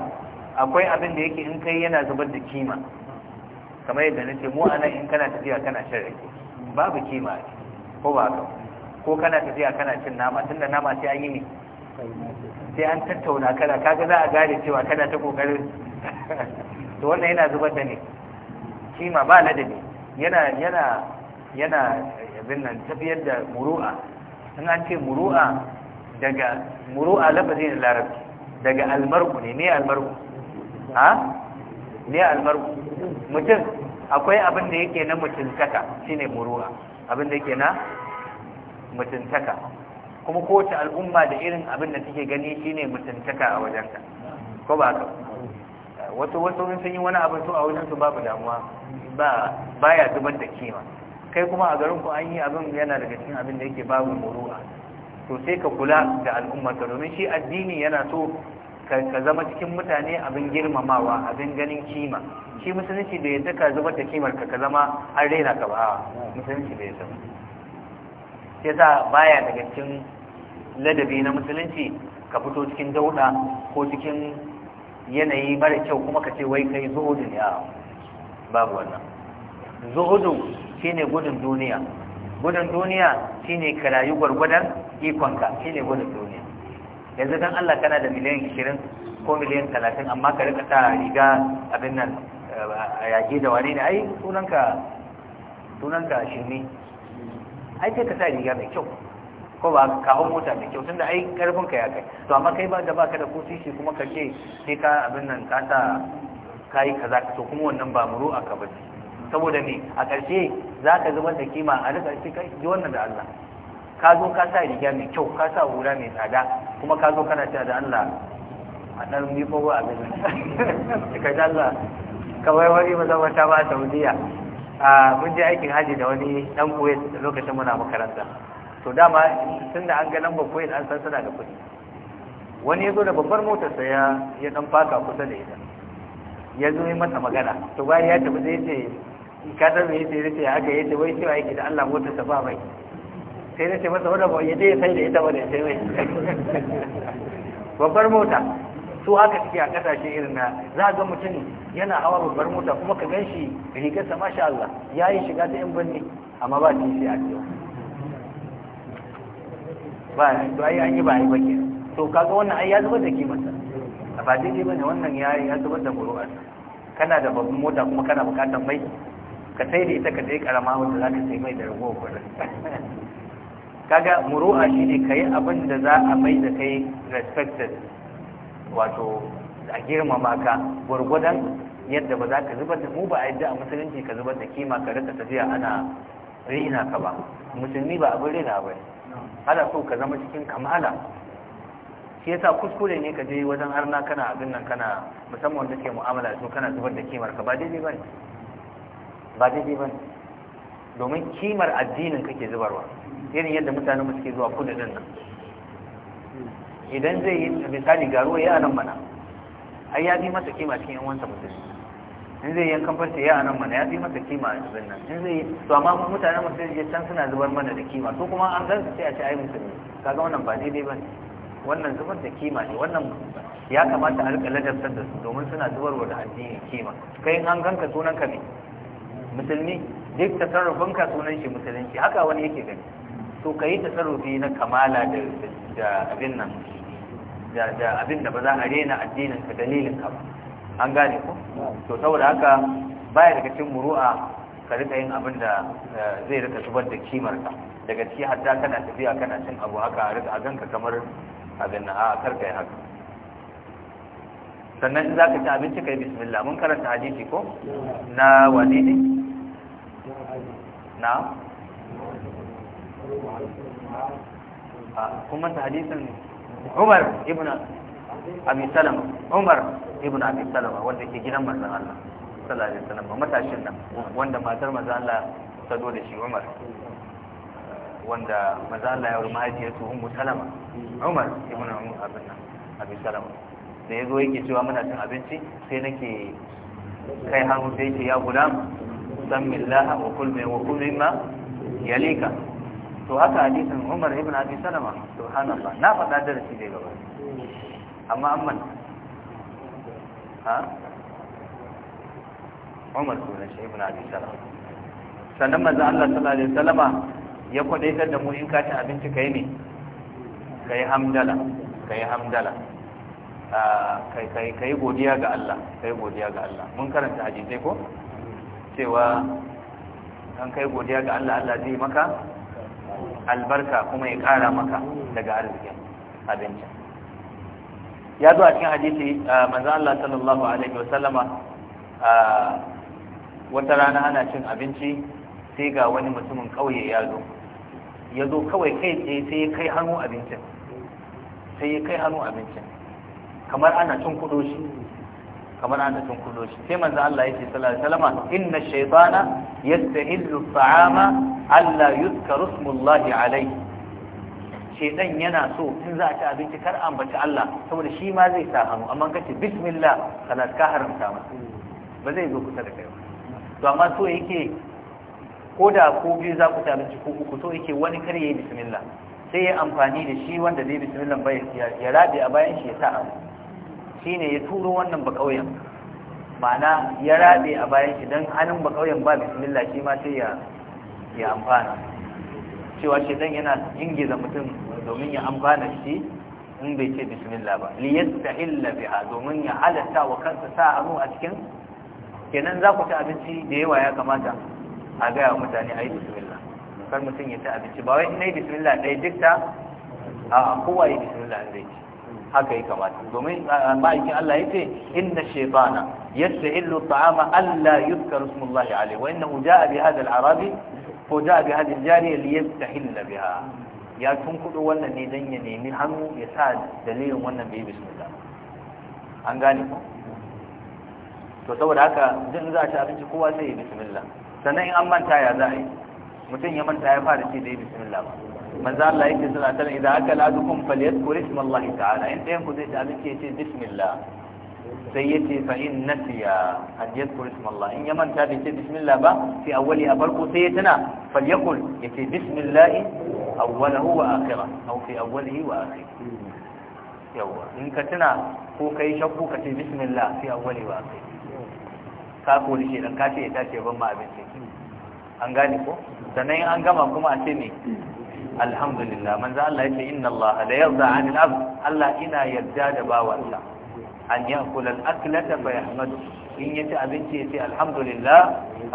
akwai abin da yake in kai yana zubar da kima kamar yadda nace mu a nan in kana tafiya kana shan rake babu kima ko ba ko kana tafiya kana cin nama tunda nama sai an yi ne sai an tattauna kana kaga za a gane cewa kana ta kokarin to wannan yana zubar da ne kima ba ladabi yana yana yana abin nan tafiyar da muru'a in an ce muru'a daga muru'a lafazin larabci daga almarku ne me almarku ha ne almarku mutum akwai abin da yake na mutuntaka shine muru'a abin da yake na mutuntaka kuma kowace al'umma da irin abin da take gani shine mutuntaka a wajenta ko ba ka wato wato sun yi wani abin su a wajen su babu damuwa ba baya zubar da kima kai kuma a garin ku an yi abin yana daga cikin abin da yake babu muru'a to sai ka kula da al'umma ka domin shi addini yana so ka zama cikin mutane abin girmamawa abin ganin kima shi musulunci da yadda ka zubar da kimar ka ka zama an raina ka ba musulunci da yadda shi yasa baya daga cikin ladabi na musulunci ka fito cikin dauda ko cikin yanayi mara kyau kuma ka ce wai kai zuhudu ne a babu wannan zuhudu shine gudun duniya gudun duniya shine ka rayu gwargwadon ikonka shine gudun duniya yanzu dan Allah kana da miliyan 20 ko miliyan 30 amma ka rika ta riga abin nan eh, a yaki da wani ne ai sunanka sunanka shirme ai sai ka sa riga mai kyau ko ba ka hau mota mai kyau tunda ai karfin ka ya kai to amma kai ba da ka da ko shi kuma ka ce sai ka abin nan ka sa kai kaza to kuma wannan ba muru aka bace saboda ne a ƙarshe za ka zubar da kima a rika ce kai ji wannan da Allah ka zo ka sa riga mai kyau ka sa hula mai tsada kuma ka zo kana cewa da Allah a ɗan miƙo ba abin da ka da Allah kawai wani ta ba a saudiya a mun je aikin haji da wani dan kuwait lokacin muna makaranta to dama da an ga lambar kuwait an san suna da kuɗi wani ya zo da babbar motar sa ya ya dan faka kusa da ita ya zo yi masa magana to bayan ya tafi zai ce ka san me ce yace haka yace wai cewa aiki da Allah motar sa ba mai sai na ce masa wannan ba ya je sai da ita ba ne sai mai babbar mota su haka suke a kasashe irin na za ga mutum yana hawa babbar mota kuma ka gan shi rigarsa masha Allah ya yi shiga ta yan birni amma ba ta shi a ce ba to ai an yi ba ai ba ke to kaga wannan ai ya zubar da kimanta a ba ne bane wannan ya ya zubar da muru'ar kana da babban mota kuma kana bukatar mai ka sai da ita ka sai karama wanda za ka sai mai da ragowar kudin kaga muru'a shine kai abin da za a mai da kai respected wato a girmama ka gwargwadon yadda ba za ka zubar da mu ba a yadda a musulunci ka zubar da kima ka rika tafiya ana rina ka ba musulmi ba abin rina ba ana so ka zama cikin kamala shi yasa kuskure ne ka je wajen harna kana abin nan kana musamman wanda ke mu'amala su kana zubar da kimar ka ba daidai bane ba daidai ne domin kimar addinin kake zubarwa irin yadda mutanen mu suke zuwa kudu nan idan zai yi misali garo ya nan mana ai ya fi masa kima cikin wansa musulmi in zai yi yankan farce ya nan mana ya fi masa kima a cikin nan in zai to amma mun mutane musulmi je can suna zubar mana da kima to kuma an gan sai a ce ai musulmi kaga wannan ba daidai ba ne wannan zubar da kima ne wannan ya kamata a rika ladabtar da su domin suna zubarwa da addini kima kai an ganka sunan ka ne musulmi duk tasarrufinka sunan shi musulunci haka wani yake gani to ka yi tasarrufi na kamala da abin nan da abin da ba za a rena addinin ka dalilin ka ba an gane ko to saboda haka baya daga cikin muru'a ka rika yin abin da eh, zai rika zubar da kimar ka daga ciki hatta kana tafiya kana cin abu haka a rika a ka kamar abin na a karka haka sannan za ka ci abinci ka yi bismillah mun karanta hadisi ko na wani ne na kuma ta hadisin Umar ibn Abi Salama Umar ibn Abi Salama wanda ke gidan manzon Allah sallallahu alaihi wasallam matashin nan wanda matar manzon Allah ta da shi Umar wanda manzon Allah ya rubuta mahaifiyarsa Ummu Salama Umar ibn Abi Abi Salama da yazo yake cewa muna cin abinci sai nake kai hannu sai ce ya gulam sammillaha wa kul wa kul ma yalika to haka hadisin Umar ibn Abi Salama subhanallah na faɗa darasi da gaba amma amman ha Umar sunan shi ibn Abi Salama sannan manzo Allah sallallahu alaihi wasallama ya kwadaitar da mu in ka ci abinci kai ne kai hamdala kai hamdala kai ah, kai kai godiya ga Allah kai godiya ga Allah mun karanta hadisi ko cewa kan kai godiya ga Allah Allah zai maka albarka kuma ya kara maka daga arzikin abincin ya zo a cikin hadisi manzo Allah sallallahu alaihi wasallama wata rana ana cin abinci sai ga wani mutumin kauye ya zo ya zo kawai kai tsaye sai ya kai hannu abincin sai ya kai hannu abincin kamar ana cin kudo shi kamar an tun kullo shi sai manzo Allah yake sallallahu alaihi wasallam inna shaytana yastahillu at'ama alla yuzkaru ismullahi alayhi shedan yana so in za a ci abinci kar an ambaci Allah saboda shi ma zai sa hannu amma kace bismillah kana ka haramta masa ba zai zo kusa da kai ba to amma so yake ko da ko biyu za ku ci abinci ko ku so yake wani kar yayi bismillah sai ya amfani da shi wanda zai bismillah bai ya rabi a bayan shi ya sa hannu shine ya turo wannan bakauyen ma'ana ya rabe a bayan shi don hannun bakauyen ba bismillah shi ma sai ya ya amfana cewa shi dan yana ingiza mutum domin ya amfana shi in bai ce bismillah ba li yastahilla biha domin ya halatta wa kansa sa hannu a cikin kenan za ku ci abinci da yawa ya kamata a gaya wa mutane a yi bismillah kar mutum ya ci abinci ba wai in na yi bismillah ɗaya duk ta a kowa yi bismillah in zai ci haka yi kamata domin ma'aikin Allah ya ce inna shaytana yastahillu ta'ama alla yuzkar ismullahi alayhi wa innahu ja'a bi hadha al-arabi ko ja'a bi hadhihi al-jariya liyastahilla biha ya tunkudo wannan ne dan ya nemi hannu ya sa dalilin wannan bai bismillah an gane ko to saboda haka din za a ci abinci kowa sai ya bismillah sannan in an manta ya za a yi mutum ya manta ya fara ce da ya bismillah ba manzo Allah yake suna tana idan aka ladukum falyadhkur isma Allah ta'ala in ɗayan ku zai ci abinci yace bismillah sai yace fa in nasiya an yadhkur isma Allah in ya manta bai ce bismillah ba fi awwali a farko sai ya tana falyakul yace bismillah awwalahu wa akhirah aw fi awwalihi wa akhirah yawa in ka tana ko kai shakku ka ce bismillah fi awwali wa akhirah ka koli shi dan ka ce ya tace ban ma abinci an gane ko sannan an gama kuma a ce ne alhamdulillah manzo Allah yace inna Allah la yarda 'anil 'abd Allah ina yarda da bawansa an yakula al-aklata fa yahmadu in yace abinci yace alhamdulillah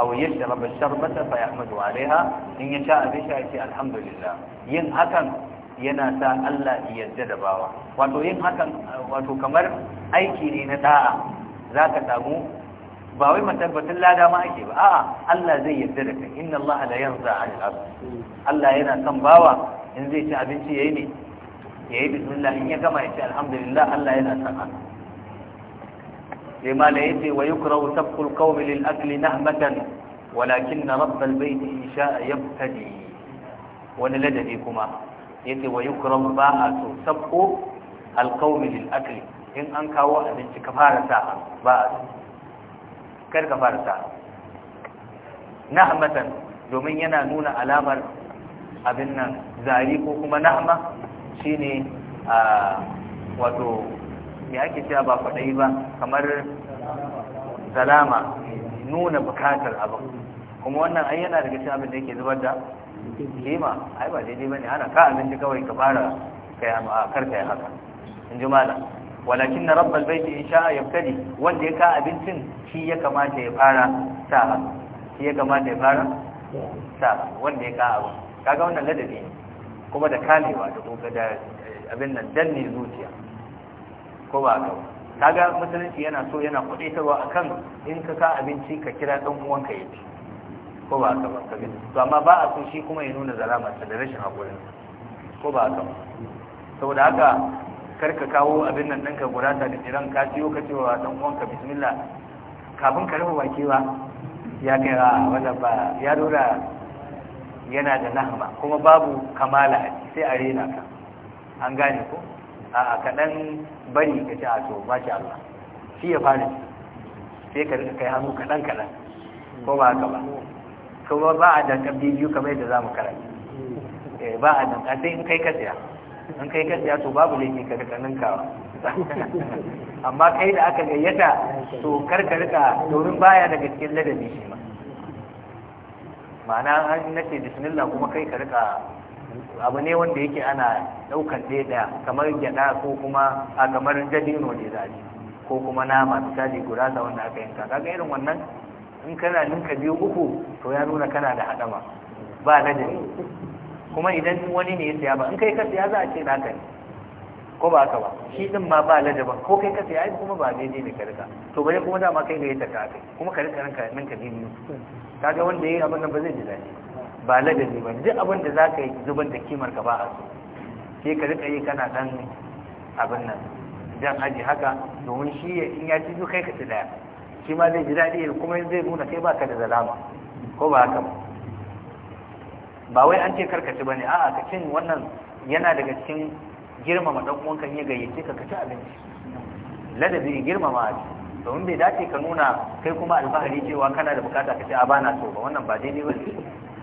aw yashraba ash-sharbata fa yahmadu 'alayha in yace abinci yace alhamdulillah yin hakan yana sa Allah ya yarda da bawa wato yin hakan wato kamar aiki ne na da'a zaka samu ba wai matabbatin lada ma ake ba a'a Allah zai yarda da kai inna Allah la yanza 'anil 'abd Allah yana son bawa in zai ci abinci yayi ne yayi bismillah in ya gama ya ce alhamdulillah Allah yana son haka sai ma la yace wa yukrahu sabqul qawmi lil akli nahmatan walakin rabbal bayti in sha'a yabtadi wani ladabi kuma yace wa yukrahu ba a so sabqu akli in an kawo abinci ka fara sa a kar ka fara sa nahmatan domin yana nuna alamar abin nan zari ko kuma nahma shine a wato me ake cewa ba kwaɗayi ba kamar salama nuna bukatar abin kuma wannan ai yana daga cikin abin da yake zubar da kima ai ba daidai bane ana ka abinci kawai ka fara kai amma kar kai haka in ji malam walakin na rabbal baiti in sha'a fitari wanda ya ka abincin shi ya kamata ya fara sa'a. shi ya kamata ya fara sa'a wanda ya ka abu kaga wannan ladabi ne kuma da kalewa da kuka da abin nan danne zuciya ko ba ka kaga musulunci yana so yana kudaitarwa akan in ka ka abinci ka kira dan uwanka ya ci ko ba ka ba to amma ba a so shi kuma ya nuna zalamarsa da rashin hakurinsa ko ba ka saboda haka kar ka kawo abin nan ɗinka gurasa da jiran ka ciyo ka wa ɗan uwanka bismillah kafin ka rufe baki ba ya kai a wanda ba ya dora yana da nahama. kuma babu kamala sai a rena ka an gane ko a kaɗan bari ka ce a to masha Allah shi ya fara sai ka rika kai hannu kaɗan kaɗan ko ba haka ba kuma ba a da biyu kamar yadda za mu karanta eh, ba a da sai in kai ka tsaya an kai ka tiyato to babu laifi ka rika ninkawa amma kai da aka gayyata to kar ka rika domin baya daga cikin ladabi shi ma ma'ana an nace bismillah kuma kai ka rika abu ne wanda yake ana daukan ɗaya da kamar gyada ko kuma a kamar jadino ne za ko kuma nama misali gurasa wanda aka yanka kaga irin wannan in kana ninka biyu uku to ya nuna kana da haɗama ba ladabi kuma idan wani ne ya siya ba in kai ka siya za a ce naka ne ko ba haka ba shi din ma ba ba, ko kai ka siya ai kuma ba daidai ne ka rika to bare kuma dama kai ne ya taka kai kuma ka rinka ranka nan ka ne kaga wanda yayi abin nan ba zai ji dadi ba ne ba duk abin da zaka yi zubar da kimar ka ba a so sai ka rika yi kana dan abin nan dan aji haka domin shi in ya ci kai ka ci daya shi ma zai ji dadi kuma zai nuna kai baka da zalama ko ba haka ba ba wai an ce karkaci ne? a'a ka cin wannan yana daga cikin girmama dan uwanka ne gayyace ka kaci abinci ladabi girmama a domin bai dace ka nuna kai kuma alfahari cewa kana da bukata ka ce a bana so ba wannan ba daidai ba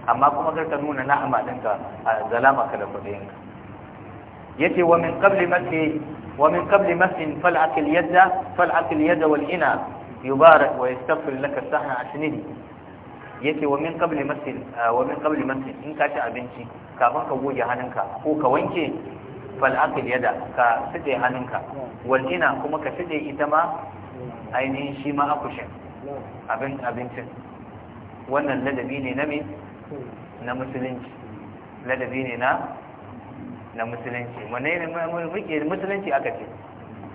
amma kuma kar ka nuna na'ama ɗinka a zalama ka da kuɗinka yace wa min qabli wa min qabli masin fal akil yadda fal yadda wal ina yubarak wa yastaghfir laka sahna asnidi yace wa min qabli masil ah, wa min qabli masil in ka ci abinci kafin ka goge hannunka ko ka wanke fal aqil yada ka tsige hannunka wal ina kuma ka tsige ita ma ainihin shi ma akushin abin abincin wannan ladabi ne na me na musulunci ladabi ne na na musulunci wanne ne muke musulunci aka ce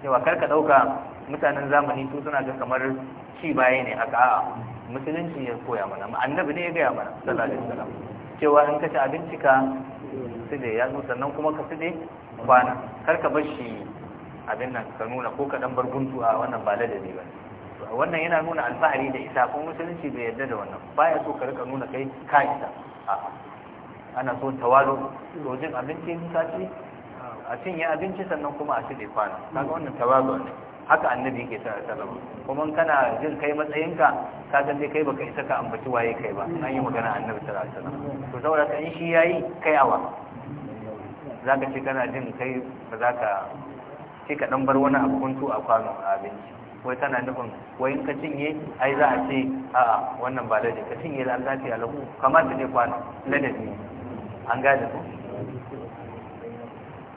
cewa karka dauka mutanen zamani su suna ga kamar ci baye ne haka a'a musulunci ya koya mana annabi ne ya gaya mana sallallahu alaihi wasallam cewa in ka ci abinci ka sile ya zo sannan kuma ka sile kwana kar ka bar shi abin nan ka nuna ko ka dan bar guntu a wannan ba ladabi ba wannan yana nuna alfahari da isa kuma musulunci bai yarda da wannan baya so ka rika nuna kai ka isa a'a ana so tawalo to jin abinci ka ci a cinye abinci sannan kuma a sile kwana kaga wannan tawalo ne haka annabi yake sallallahu alaihi wasallam kuma kana jin kai matsayinka ka san dai kai baka isa ka ambaci waye kai ba an yi magana annabi sallallahu alaihi wasallam to saboda ka shi yayi kai awa zaka ce kana jin kai ba za ka ce ka dan bar wani abu kuntu a kwano a abinci wai kana nufin wai in ka cinye ai za a ce a'a wannan ba ladabi ka cinye da Allah ya lahu kamar da ne kwano ladabi an gane ku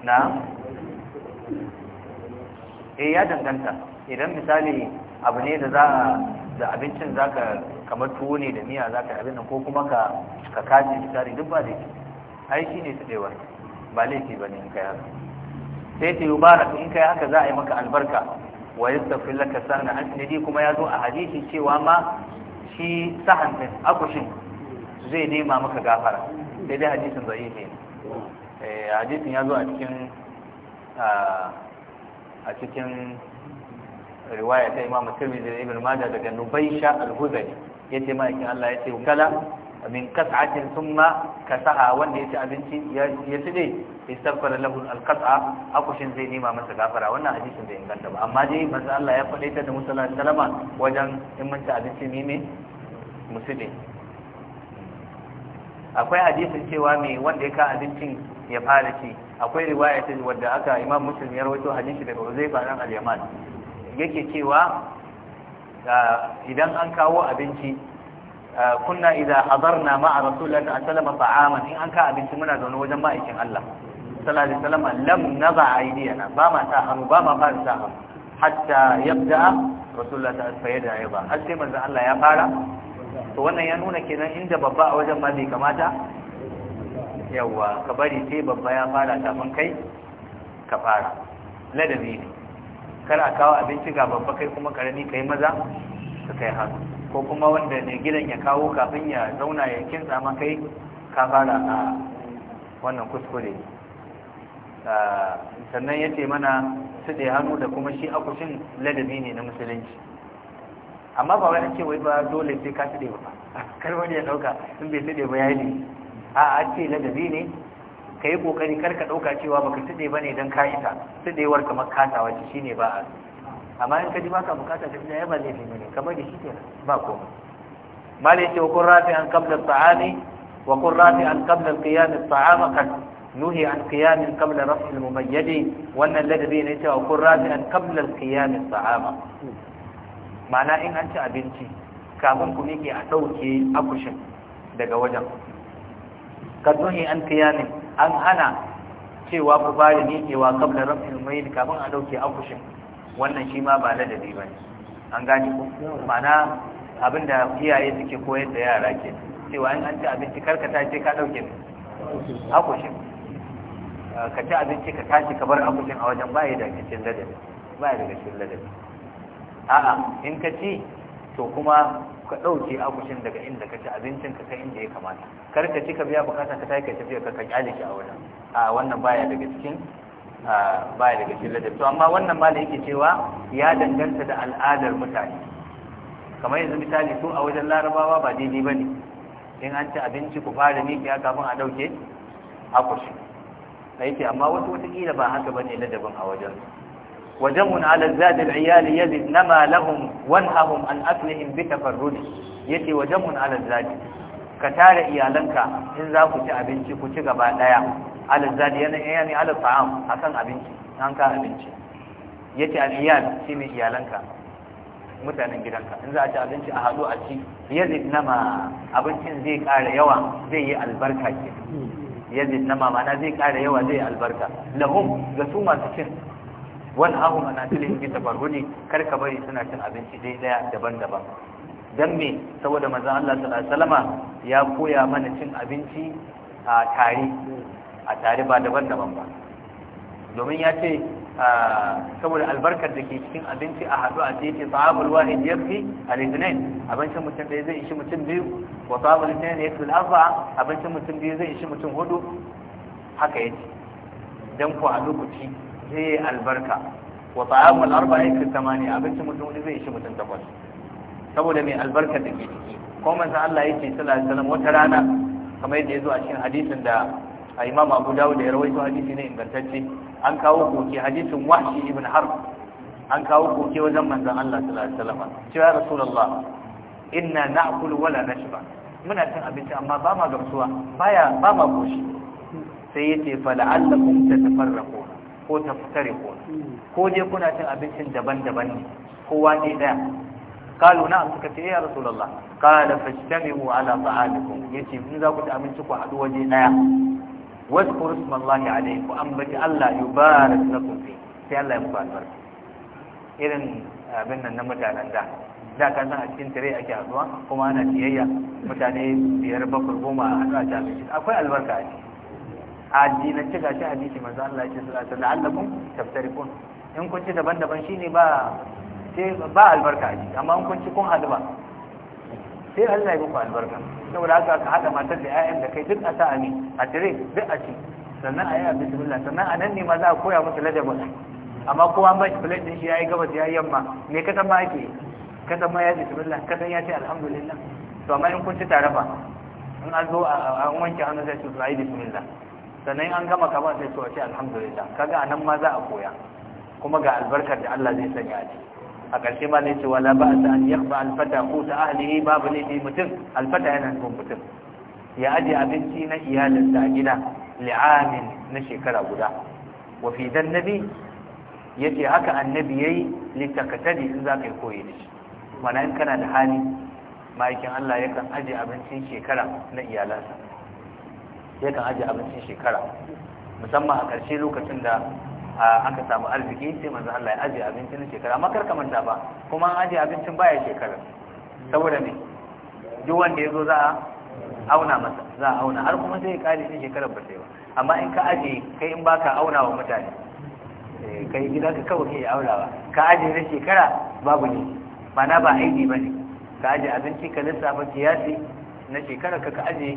na eh ya danganta idan misali abu ne da za a da abincin zaka kamar tuwo ne da miya zaka ka abin ko kuma ka ka kaji misali duk ba laifi aiki shi ne tsadewar ba laifi ba ne in kai haka sai ta yi ba in kai haka za a yi maka albarka wa tafi laka na asnidi kuma ya zo a hadisi cewa ma shi sahan din akushin zai nema maka gafara sai dai hadisin zai ne eh, hadisin ya zo a cikin ah, a cikin riwaya ta imamu tirmidhi da ibn majah daga nubaisha al-huzali yace ma'aikin Allah yace kala min kas'atin thumma kasaha wanda yace abinci ya ci dai istaghfar lahu al-qat'a akushin zai nima masa gafara wannan hadisin bai inganta ba amma dai manzo Allah ya faɗe ta da musallallahu salama wajen in mun ci abinci ne ne musulmi akwai hadisin cewa mai wanda ya ka abincin ya fara ci akwai riwayatin wadda aka imam muslim ya rawaito hadisi daga uzaifa dan al-yaman yake cewa ah, idan an kawo abinci ah, kunna idza hadarna ma'a rasulillahi sallallahu alaihi wasallam ta'aman in an ka abinci muna zaune wajen ma'aikin Allah sallallahu alaihi wasallam lam naba aidiyana ba ma ta hannu ba ma fara ta hannu hatta yabda rasulullah ta fayyada ya ba har sai manzo Allah ya fara to wannan ya nuna kenan inda babba a wajen ma bai kamata yawa ka bari sai babba ya fara kafin kai ka fara ladabi ne kar a kawo abinci ga babba kai kuma karami kai maza ka kai hannu ko kuma wanda ne gidan ya kawo kafin ya zauna ya kinsa ma kai ka fara a wannan kuskure sannan ya ce mana su da hannu da kuma shi akushin ladabi ne na musulunci amma ba wani ce wai ba dole sai ka su ba kar wani ya ɗauka sun bai su ba ya yi a an ce ladabi ne ka yi ƙoƙari karka ɗauka cewa baka tsaye ba ne don ka isa tuɗewar kamar kasawa shi ne ba a amma in ka ji baka bukata ta ya ba laifi ne kamar da shi ke ba komai malai ce wa kun rafi an kabla ta'ani wa kun rafi an kabla qiyamin ta'ama kan nuhi an qiyamin kabla rafi mumayyadi wannan ladabi ne cewa kun rafi an kabla qiyamin ta'ama ma'ana in an ci abinci kafin ku ke a ɗauke akushin daga wajen kadoni an kiyamin an hana cewa ku bari miƙewa kabla rafin mayil kafin a dauke akushin wannan shi ma ba ladabi ba ne an gani ko mana abinda iyaye suke koyar da yara ke cewa in an ci abinci karkata ce ka dauke mai akushin ka ci abinci ka tashi ka bar akushin a wajen baya da cikin ladabi baya daga cikin ladabi a'a in ka ci to kuma ka dauke akushin daga inda ka ci abincin ka kai inda ya kamata kar ka ka biya bukata ka tayi ka tafiya ka kyale alike a wurin a wannan baya daga cikin baya daga cikin ladabi to amma wannan malai yake cewa ya danganta da al'adar mutane kamar yanzu misali su a wajen larabawa ba daidai ba ne in an ci abinci ku fara ya kafin a ɗauke akushi na yake amma wasu watakila ba haka ba ne ladabin a wajen wajen ala zadil iyali yazid nama lahum wanhahum an aslihim bi tafarrudi yace wajen ala zadil ka tare iyalanka in za ku ci abinci ku ci gaba daya zadi yana yana ne alfa'am akan abinci an ka abinci yace al-iyal ne iyalanka mutanen gidanka in za a ci abinci a haɗu a ci yazid nama abincin zai ƙara yawa zai yi albarka ke yazid nama mana zai ƙara yawa zai yi albarka lahum ga su masu cin wani ahu mana tilin bi tabarruni kar ka bari suna cin abinci dai daya daban-daban dan me saboda manzon Allah sallallahu alaihi wasallama ya koya mana cin abinci a tare a tare ba daban-daban ba domin ya ce ah, saboda albarkar da ke cikin abinci a haɗu a ce ta'amul wahid yafi al-ithnain abincin mutum ɗaya zai ishi mutum biyu wa ta'amul ithnain yafi al-arba abincin mutum biyu zai ishi mutum hudu haka yace dan ku a lokaci ci zai albarka wa ta'amul arba yafi tamani abincin mutum hudu zai ishi mutum takwas saboda mai albarkar da ke ciki ko manzo Allah yake sallallahu alaihi wasallam wata rana kamar yadda ya zo a cikin hadisin da a Imam Abu Dawud ya rawaito hadisi ne ingantacce an kawo koke hadisin Wahshi ibn Harb an kawo koke wajen manzo Allah sallallahu alaihi wasallam cewa Rasulullah inna na'kulu wala nashba muna cin abinci amma ba ma gamsuwa baya ba ma goshi sai yace fa la'allakum tatafarraqu ko taftariqu ko je kuna cin abincin daban-daban ne kowa ne daya قالوا نعم سكت eh يا رسول الله قال فاجتمعوا على طعامكم يجي من ذاك الأمنش وحدو وجه نايا واذكر اسم الله عليه وأنبت الله يبارك لكم فيه sai Allah ya irin abin nan na mutanen da da ka san a cikin tare ake haɗuwa kuma ana siyayya mutane biyar bakwai goma a haɗu a jami'in akwai albarka a ciki a addinance ga shi hadisi manzo Allah ya ce sallallahu alaihi wa sallam kun in kun ci daban-daban shine ba sai ba albarka a amma an kun ci kun haɗu ba sai Allah ya muku albarka saboda haka ka haɗa matar da 'ya'yan da kai duk a sa ne a tire duk a ci sannan a yi abin bismillah sannan a nan ne ma za a koya musu ladabin amma kowa ba shi plate din shi ya yi gabas yi yamma me ka san ma yake ka san ma ya bismillah ka san ya ce alhamdulillah to amma in kun ci tare ba in an zo a wanke hannu sai su yi bismillah sannan an gama kama sai su ce alhamdulillah kaga nan ma za a koya kuma ga albarkar da Allah zai sanya a ciki a ƙarshe ma ne ce wala ba sa'an ya ba alfata ko ta ahlihi babu laifi mutum alfata yana nufin mutum ya aje abinci na iyalinsa a gida li'amin na shekara guda dan nabi ya ce haka annabi yayi ne in zaka yi koyi da shi mana in kana da hali ma'aikin Allah ya kan aje abincin shekara na iyalansa ya kan aje abincin shekara musamman a ƙarshe lokacin da aka samu arziki sai manzo Allah ya aje abincin na shekara amma karka manta ba kuma an aje abincin baya shekara saboda me duk wanda ya zo za a auna masa za a auna har kuma sai kare shi shekarar ba sai ba amma in ka aje kai in baka auna wa mutane eh, kai gida ka kawai ke aurawa ka aje na shekara babu ne mana ba aiki ba ne ka aje abinci ka lissafa kiyasi na shekara ka ka aje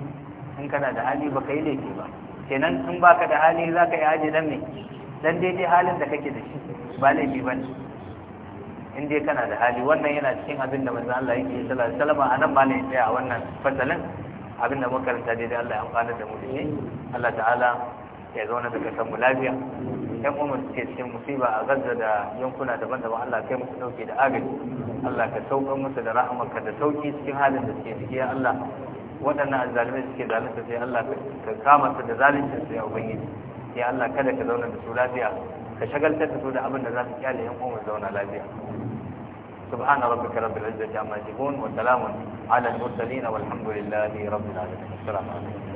in kana da hali ba kai yi laifi ba kenan in baka da hali za ka yi aje dan me dan daidai halin da kake da shi ba laifi ba ne in dai kana da hali wannan yana cikin abin da manzo Allah yake sallallahu alaihi wasallam anan ba ne tsaya wannan fasalin abin da makaranta daidai Allah ya amfana da mu da shi Allah ta'ala ya zauna da kasan mu lafiya yan umar suke cikin musiba a gaza da yankuna daban-daban Allah kai musu dauke da agaji Allah ka sauka musu da rahamarka da sauki cikin halin da suke ciki ya Allah waɗannan azzalimai suke zalunta sai Allah ka kama su da zalunta sai ubangiji ya Allah kada ka zauna da su lafiya ka shagaltar da su da abin da za su kyale yan uwan zauna lafiya سبحان ربك رب العزة عما يصفون وسلام على المرسلين والحمد لله رب العالمين السلام عليكم